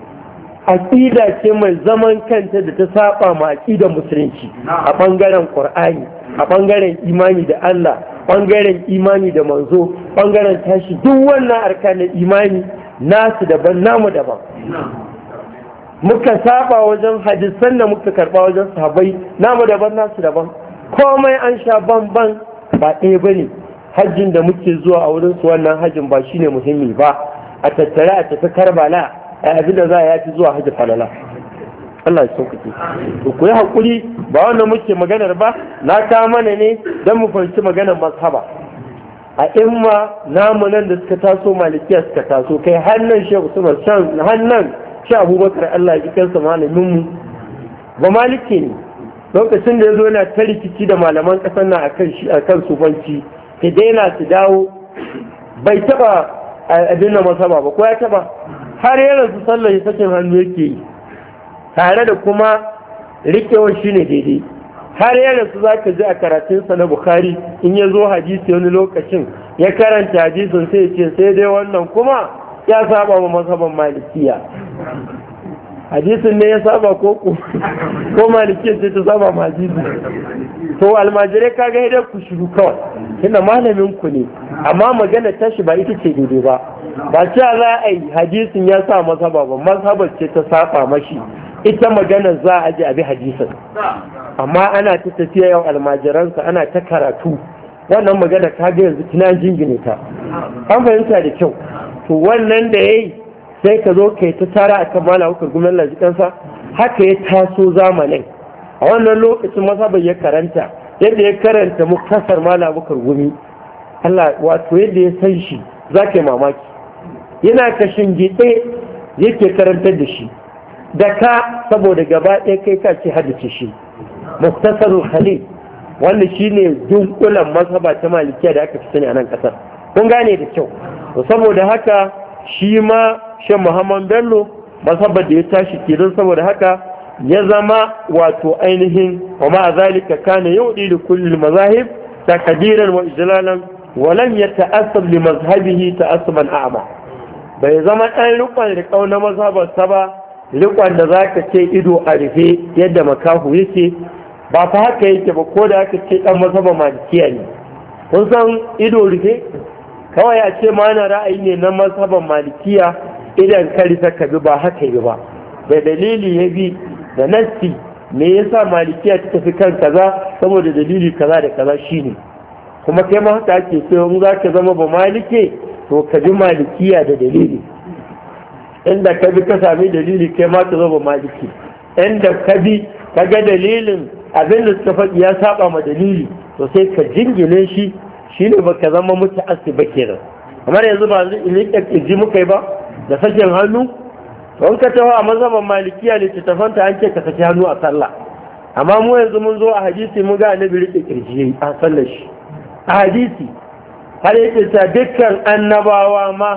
aƙida ce mai zaman kanta da ta saba ma aƙidar musulunci a ɓangaren ƙur'ani a ɓangaren imani da Allah ɓangaren imani da manzo ɓangaren tashi duk wannan arkanin imani nasu daban namu daban muka saba wajen hadisan da muka karɓa wajen sahabai namu daban nasu daban komai an sha banban ba ɗaya ne. hajjin da muke zuwa a wurin su wannan hajjin ba shine muhimmi ba a tattare a tafi karbala abin za ya fi zuwa hajji falala Allah ya sauƙaƙe ku yi haƙuri ba wannan muke maganar ba na ta mana ne don mu fahimci maganar mazhaba a imma namu nan da suka taso malikiya suka taso kai hannan shehu suna can hannan shi abubakar Allah ya kansa malamin mu ba maliki ne lokacin da ya zo yana ta rikici da malaman ƙasar nan akan shi akan sufanci ki daina su dawo bai taba abin da masaba ba ko ya taba har yana su sallar ya sakin hannu yake yi tare da kuma rikewa shi ne daidai har yana su za ka ji a karatunsa na bukari in ya zo hadisi wani lokacin ya karanta hadisin sai ce sai dai wannan kuma ya saba wa mazhaban malikiya hadisin ne ya saba ko ko malike ce ta saba ma to almajirai kaga idan ku shiru kawai tunda malamin ku ne amma magana tashi ba ita ce daidai ba ba ce za a yi hadisin ya sa mazhaba ba mazhabar ce ta saba mashi ita magana za a ji abi hadisin amma ana ta tafiya yau almajiransa ana ta karatu wannan magana kaga yanzu kina jingine ta an fahimta da kyau to wannan da yayi sai ka zo kai ta tara a akan mala hukar gumin lajikansa haka ya taso zamanin a wannan lokacin masabar ya karanta yadda ya karanta muktasar mala hukar gumi Allah wato yadda ya san shi za ka yi mamaki yana ka gide yake karantar da shi da ka saboda gaba ɗaya kai ka ce hadace shi muktasarul khalil wanda shi ne dunkulan masaba ta malikiya da aka fi sani a nan kasar kun gane da kyau saboda haka shi ma shan muhammad bello masabar da ya tashi kidan saboda haka ya zama wato ainihin wa ma zalika kana yudi da kulli mazahib takdiran wa ijlalan wa lam yata'assab li mazhabihi ta'assuban a'ma bai zama ɗan da kauna na sa ba rikon da zaka ce ido a rufe yadda makahu yake ba fa haka yake ba ko da aka ce ɗan ma malikiya ne kun san ido rufe kawai a ce ma na ra'ayi ne na mazhabar malikiya idan karisa ka bi ba haka yi ba da dalili ya bi da nassi me yasa malikiya ta tafi kan kaza saboda dalili kaza da kaza shine kuma kai ma haka ake so in za ka zama ba malike to ka bi malikiya da dalili inda ka bi ka sami dalili kai ma ka zama maliki inda ka bi ka ga dalilin abin da suka faɗi ya saba ma dalili to sai ka jingine shi shine baka zama mutu asibi kenan kamar yanzu ba zai ilika ji muka yi ba da sakin hannu don ka taho a mazhaban malikiya littattafanta an ce ka saki hannu a sallah amma mu yanzu mun zo a hadisi mun ga annabi rike kirji a sallar shi a hadisi har yake ta dukkan annabawa ma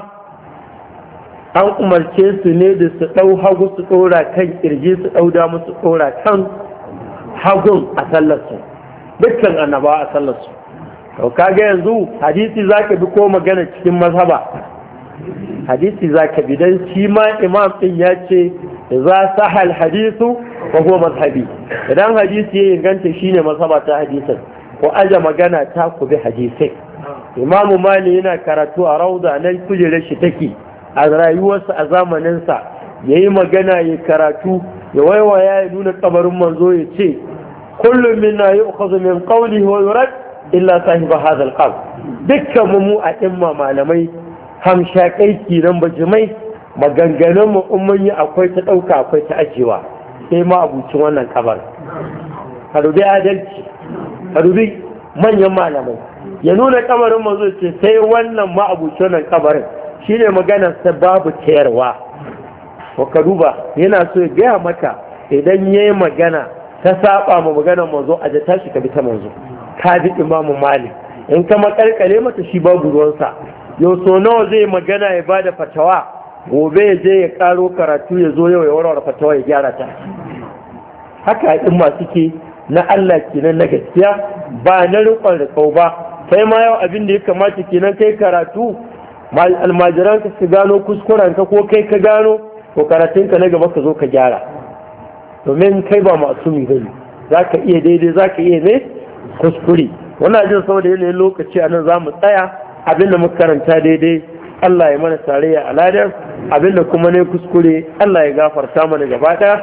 an umarce su ne da su dau hagu su tsora kan kirji su dau da su tsora kan hagun a su dukkan annabawa a su to kaga yanzu hadisi zaka bi ko magana cikin mazhaba hadisi za ka bi don shi ma imam din ya ce za sahal hadisu wa huwa mazhabi idan hadisi ya inganta shine mazhaba ta hadisin ko aja magana ta ku bi hadisai imamu mali yana karatu a rauda nan kujerar shi take a rayuwarsa a zamaninsa ya yi magana ya karatu ya waiwaya ya nuna kabarin manzo ya ce kullum minna yi ukazu min qawli wa illa sahiba hadal alqawl dukkan mu a imma malamai hamshakai kiran bajimai maganganun mu umman yi akwai ta ɗauka akwai ta ajewa sai ma abucin wannan kabar harubi adalci harubi manyan malamai ya nuna kamarin mazo ce sai wannan ma abucin wannan kabarin shine maganar sa babu tayarwa wa ka duba yana so ya gaya maka idan ya yi magana ta saba ma maganar mazo a ta shi ka bi ta manzo ka bi imamu malik in ka makarkare mata shi babu ruwansa yau so nawa zai magana ya bada fatawa gobe ya je ya karo karatu ya zo yau ya warware fatawa ya gyara ta haka in masu ke na Allah kenan na gaskiya ba na rikon rikau ba sai ma yau abin da ya kamata kenan kai karatu almajiran ka su gano kuskuren ka ko kai ka gano ko karatun ka na gaba ka zo ka gyara domin kai ba masu masumi bane za ka iya daidai za ka iya ne kuskure wannan jin saboda yanayin lokaci a nan za mu tsaya abinda muka karanta daidai Allah ya mana tarayya a ladar abinda kuma ne kuskure Allah ya gafarta mana gaba ɗaya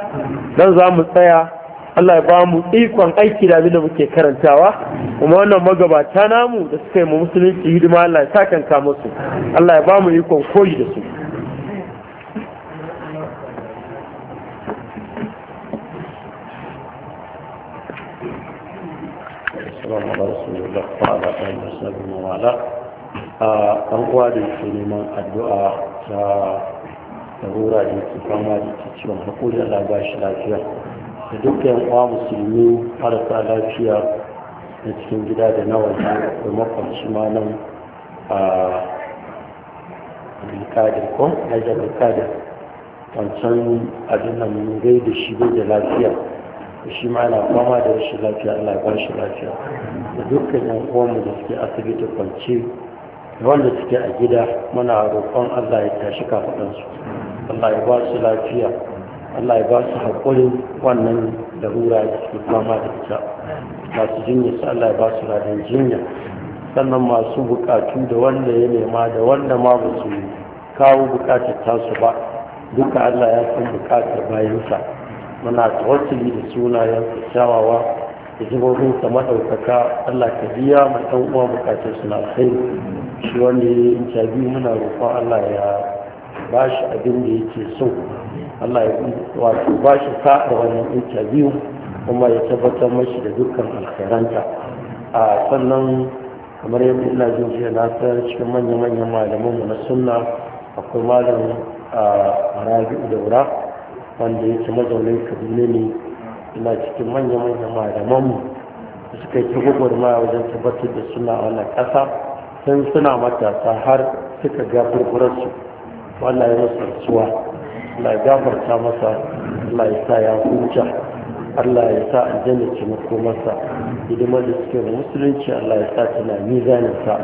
dan za mu tsaya Allah ya ba mu ikon aiki da abinda muke karantawa kuma wannan magabata namu da suka yi mu musulunci hidima Allah ya sakanka musu Allah ya ba mu ikon koyi da su السلام على رسول الله وعلى وصحبه a ɗan'uwa da ke neman addu'a ta ɗarura da ke fama da ke ciwon haƙuri Allah ba shi lafiya da dukkan uwa musulmi marasa lafiya na cikin gida da na waje da makwanci ma nan a bilkadir ko na jabilkadir wancan abin da mun gai da shi bai da lafiya shi ma na fama da rashin lafiya Allah ba shi lafiya da dukkan yan uwanmu da suke asibiti kwance wanda suke a gida muna roƙon Allah ya tashi kafaɗansu Allah ya ba su lafiya Allah ya ba su haƙurin wannan larura da suke fama da ita masu jinya su Allah ya ba su ladan jinya sannan masu buƙatu da wanda ya nema da wanda ma ba su kawo buƙatar tasu ba duka Allah ya san buƙatar bayansa muna tawassuli da sunayen kyawawa da ta madaukaka maɗaukaka Allah ka biya mu ɗan uwa bukatun su na kai shi wanda ya yi biyu muna roƙon Allah ya ba shi abin da yake so Allah ya wato ba shi sa'ar wannan biyu kuma ya tabbatar mashi da dukkan alkhairanta a sannan kamar yadda ina jin jiya na ta cikin manya-manyan mu na sunna akwai malam a ah, rabi'u daura wanda yake mazaunin kaduna ne ina cikin manya-manyan malamanmu da suka yi gwagwarmaya wajen tabbatar da suna a wannan ƙasa sun suna matasa har suka gafurkurarsu wannan ya masu rasuwa na gafarta masa Allah ya sa ya huta Allah ya sa aljanna ce mako masa hidimar da suke da musulunci Allah ya sa tana mizaninsa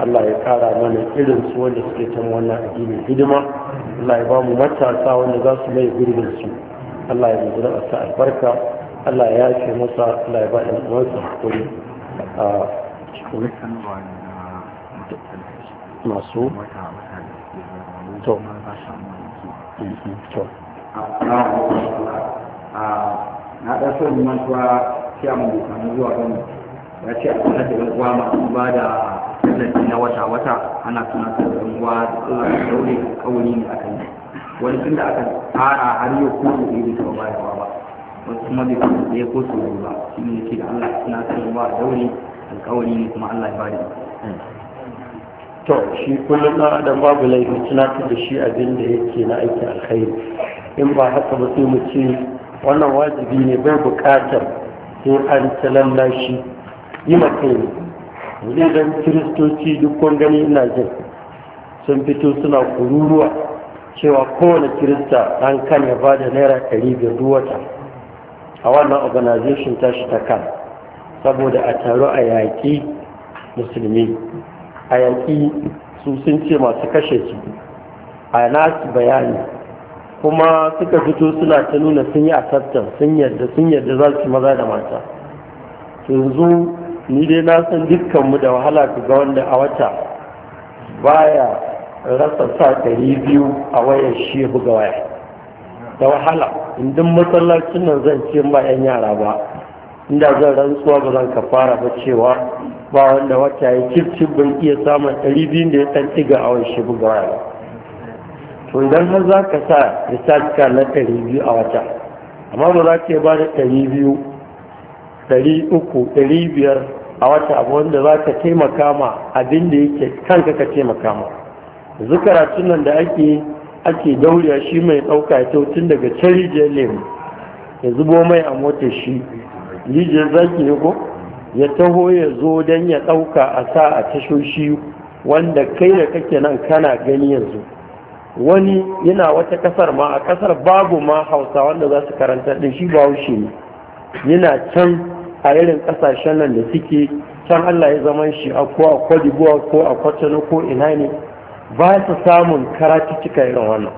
Allah ya kara mana irin su wanda suke ta wannan addini hidima Allah ya ba mu matasa wanda za su mai gurbinsu Allah ya zuzu a sa albarka Allah ya ce masa Allah ya ba ɗan uwansa hakuri a masu to to na ɗan so bukanu zuwa gani ya ce a da masu ba da tallafi na wata-wata ana suna da ruwa da tsohon da daure ne aka wani tun da aka tsara har yau ko da bai taɓa bayarwa ba wasu kuma bai kuma ya ko su ba shi ne yake da Allah suna sanin ba daure alƙawari ne kuma Allah ya bada to shi kullum na adam babu laifi tunatar da shi abin da yake na aiki alkhairi in ba haka ba sai mu ce wannan wajibi ne bai buƙatar sai an talalla shi yi makai ne zai kiristoci duk gani ina jin sun fito suna kururuwa cewa kowane kirista an kan ya bada naira ɗari biyar duwata a wannan organization tashi ta kan saboda a taro a yaƙi musulmi a yaƙi su sun ce masu kashe su a nasu bayani kuma suka fito suna ta nuna sun yi asabtan sun yadda sun yadda za su maza da mata yanzu ni dai na san dukkanmu da wahala ga wanda a wata baya rasa sa ɗari biyu a wayar shi buga waya da wahala indin masallacin nan zan ce ba 'yan yara ba inda zan rantsuwa ba zan ka fara ba cewa ba wanda wata ya cif ban iya samun ɗari biyu da ya ɗan ɗiga a wayar shi buga waya ba to idan har za ka sa research na ɗari biyu a wata amma ba za ka ba da ɗari biyu ɗari uku ɗari biyar a wata abu wanda za ka taimaka ma abin da yake kanka ka taimaka ma yanzu karatun nan da ake ake dauriya shi mai ɗauka ya tun daga can rijiyar lemu ya zubo mai a mota shi rijiyar zaki ne ko ya taho ya zo don ya ɗauka a sa a tashoshi wanda kai da kake nan kana gani yanzu wani yana wata ƙasar ma a kasar babu ma hausa wanda za su karanta din shi ba bahaushe ne yana can a irin kasashen nan da suke can allah ya zama shi a ko a kwadibuwa ko a kwatano ko ina ne ba su samun karatu cika irin wannan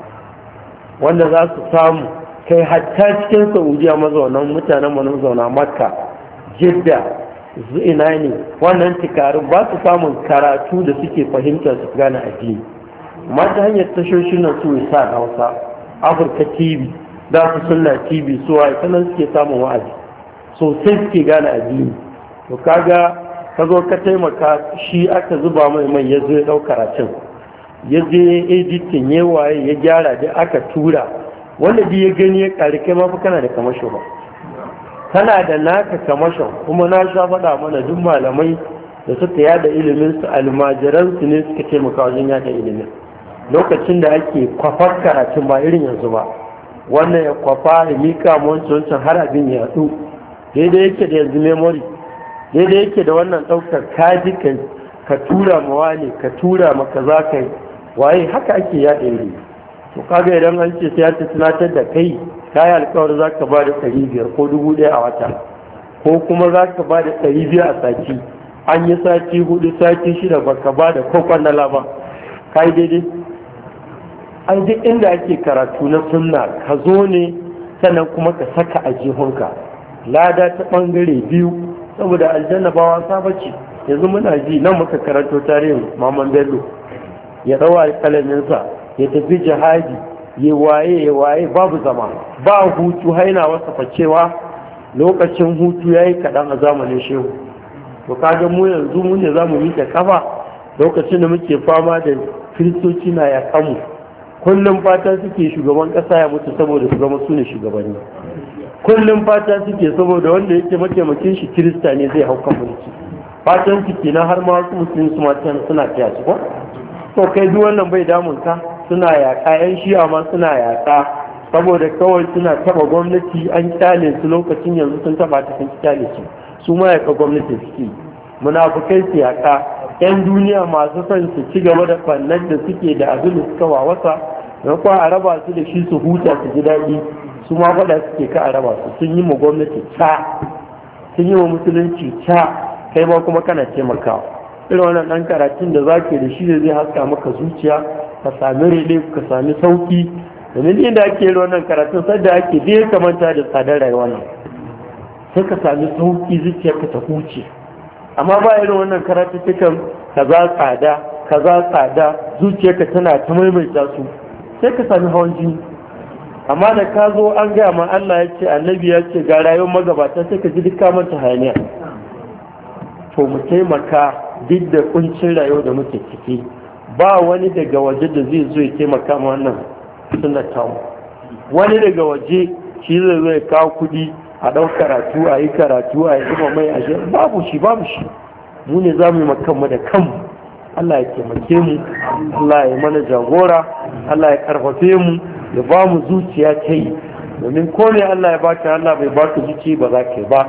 wanda za su samu kai hatta cikin saudiya mazaunan mutanen zauna makka jidda ina ne wannan tikarin ba su samun karatu da suke fahimta su gane addini mata hanyar tashoshin na su sa hausa afirka tv da su sunna tv su waye sannan suke samun wa'azi sosai suke gane addini to kaga ka zo ka taimaka shi aka zuba mai mai ya zo ya ɗau karatun ya je editin ya waye ya gyara da aka tura wanda ya gani ya kari kai ma kana da kamashin ba kana da naka kamashin kuma na sha faɗa mana duk malamai da suka yada ilimin su almajiran su ne suka taimaka wajen yada ilimin lokacin da ake kwafar karatun ba irin yanzu ba wannan ya kwafa ya mika wancan har abin ya yadu daidai yake da yanzu memory daidai yake da wannan ɗaukar kaji ka tura ma ka tura ma ka yi. waye haka ake yaɗa ne to kaga idan an ce sai ta tunatar da kai ta yi zaka za ka ba da ɗari biyar ko dubu ɗaya a wata ko kuma za ka ba da ɗari biyar a sati an yi sati hudu sati shida ba ka ba da kwakwan na laba ka yi daidai an duk inda ake karatu na sunna ka zo ne sannan kuma ka saka a jihunka lada ta ɓangare biyu saboda aljanna ba wasa yanzu muna ji nan muka karanto tarihin maman bello ya ɗau alƙalaminsa ya tafi jihadi ya waye ya waye babu zama ba hutu haina wasa facewa lokacin hutu ya yi kaɗan a zamanin shehu to kaga mu yanzu mu ne za mu miƙe kafa lokacin da muke fama da kiristoci na ya kamu kullum fata suke shugaban ƙasa ya mutu saboda su zama su ne shugabanni kullum fata suke saboda wanda yake mataimakin shi kirista ne zai hau mulki fatan suke na har ma wasu musulmi su suna fiya su ba to kai duk wannan bai damun ka, suna yaƙa yan shiya ma suna yaƙa saboda kawai suna taɓa gwamnati an kyale su lokacin yanzu sun taɓa ta sun kyale su su ma yaƙa gwamnati suke munafukai su yaƙa yan duniya masu son su ci gaba da fannan da suke da abin da suka wawasa na kuwa a raba su da shi su huta su ji daɗi su ma faɗa suke ka a raba su sun yi ma gwamnati ca sun yi ma musulunci ca kai ma kuma kana taimakawa irin wannan ɗan karatun da za da shi da zai haska maka zuciya ka sami rele ka sami sauki domin inda ake irin wannan karatun sadda ake zai kamanta da tsadar rayuwa nan sai ka sami sauki ka ta huce amma ba irin wannan ka za tsada ka za tsada zuciyarka tana ta maimaita su sai ka sami hawan jini amma da ka zo an gaya ma Allah ya ce annabi ya ce ga rayuwar magabata sai ka ji duk manta hayaniya to mu taimaka duk da kuncin rayuwa da muke ciki ba wani daga waje da zai zo ya taimaka ma wannan suna mu wani daga waje shi zai zo ya kawo kudi a ɗau karatu a yi karatu a yi zuba mai a shi babu shi babu shi mu ne za mu yi makanmu da kanmu Allah ya taimake mu Allah ya mana jagora Allah ya karfafe mu ya ba mu zuciya ta yi domin ne Allah ya baka Allah bai baka zuci ba za ka yi ba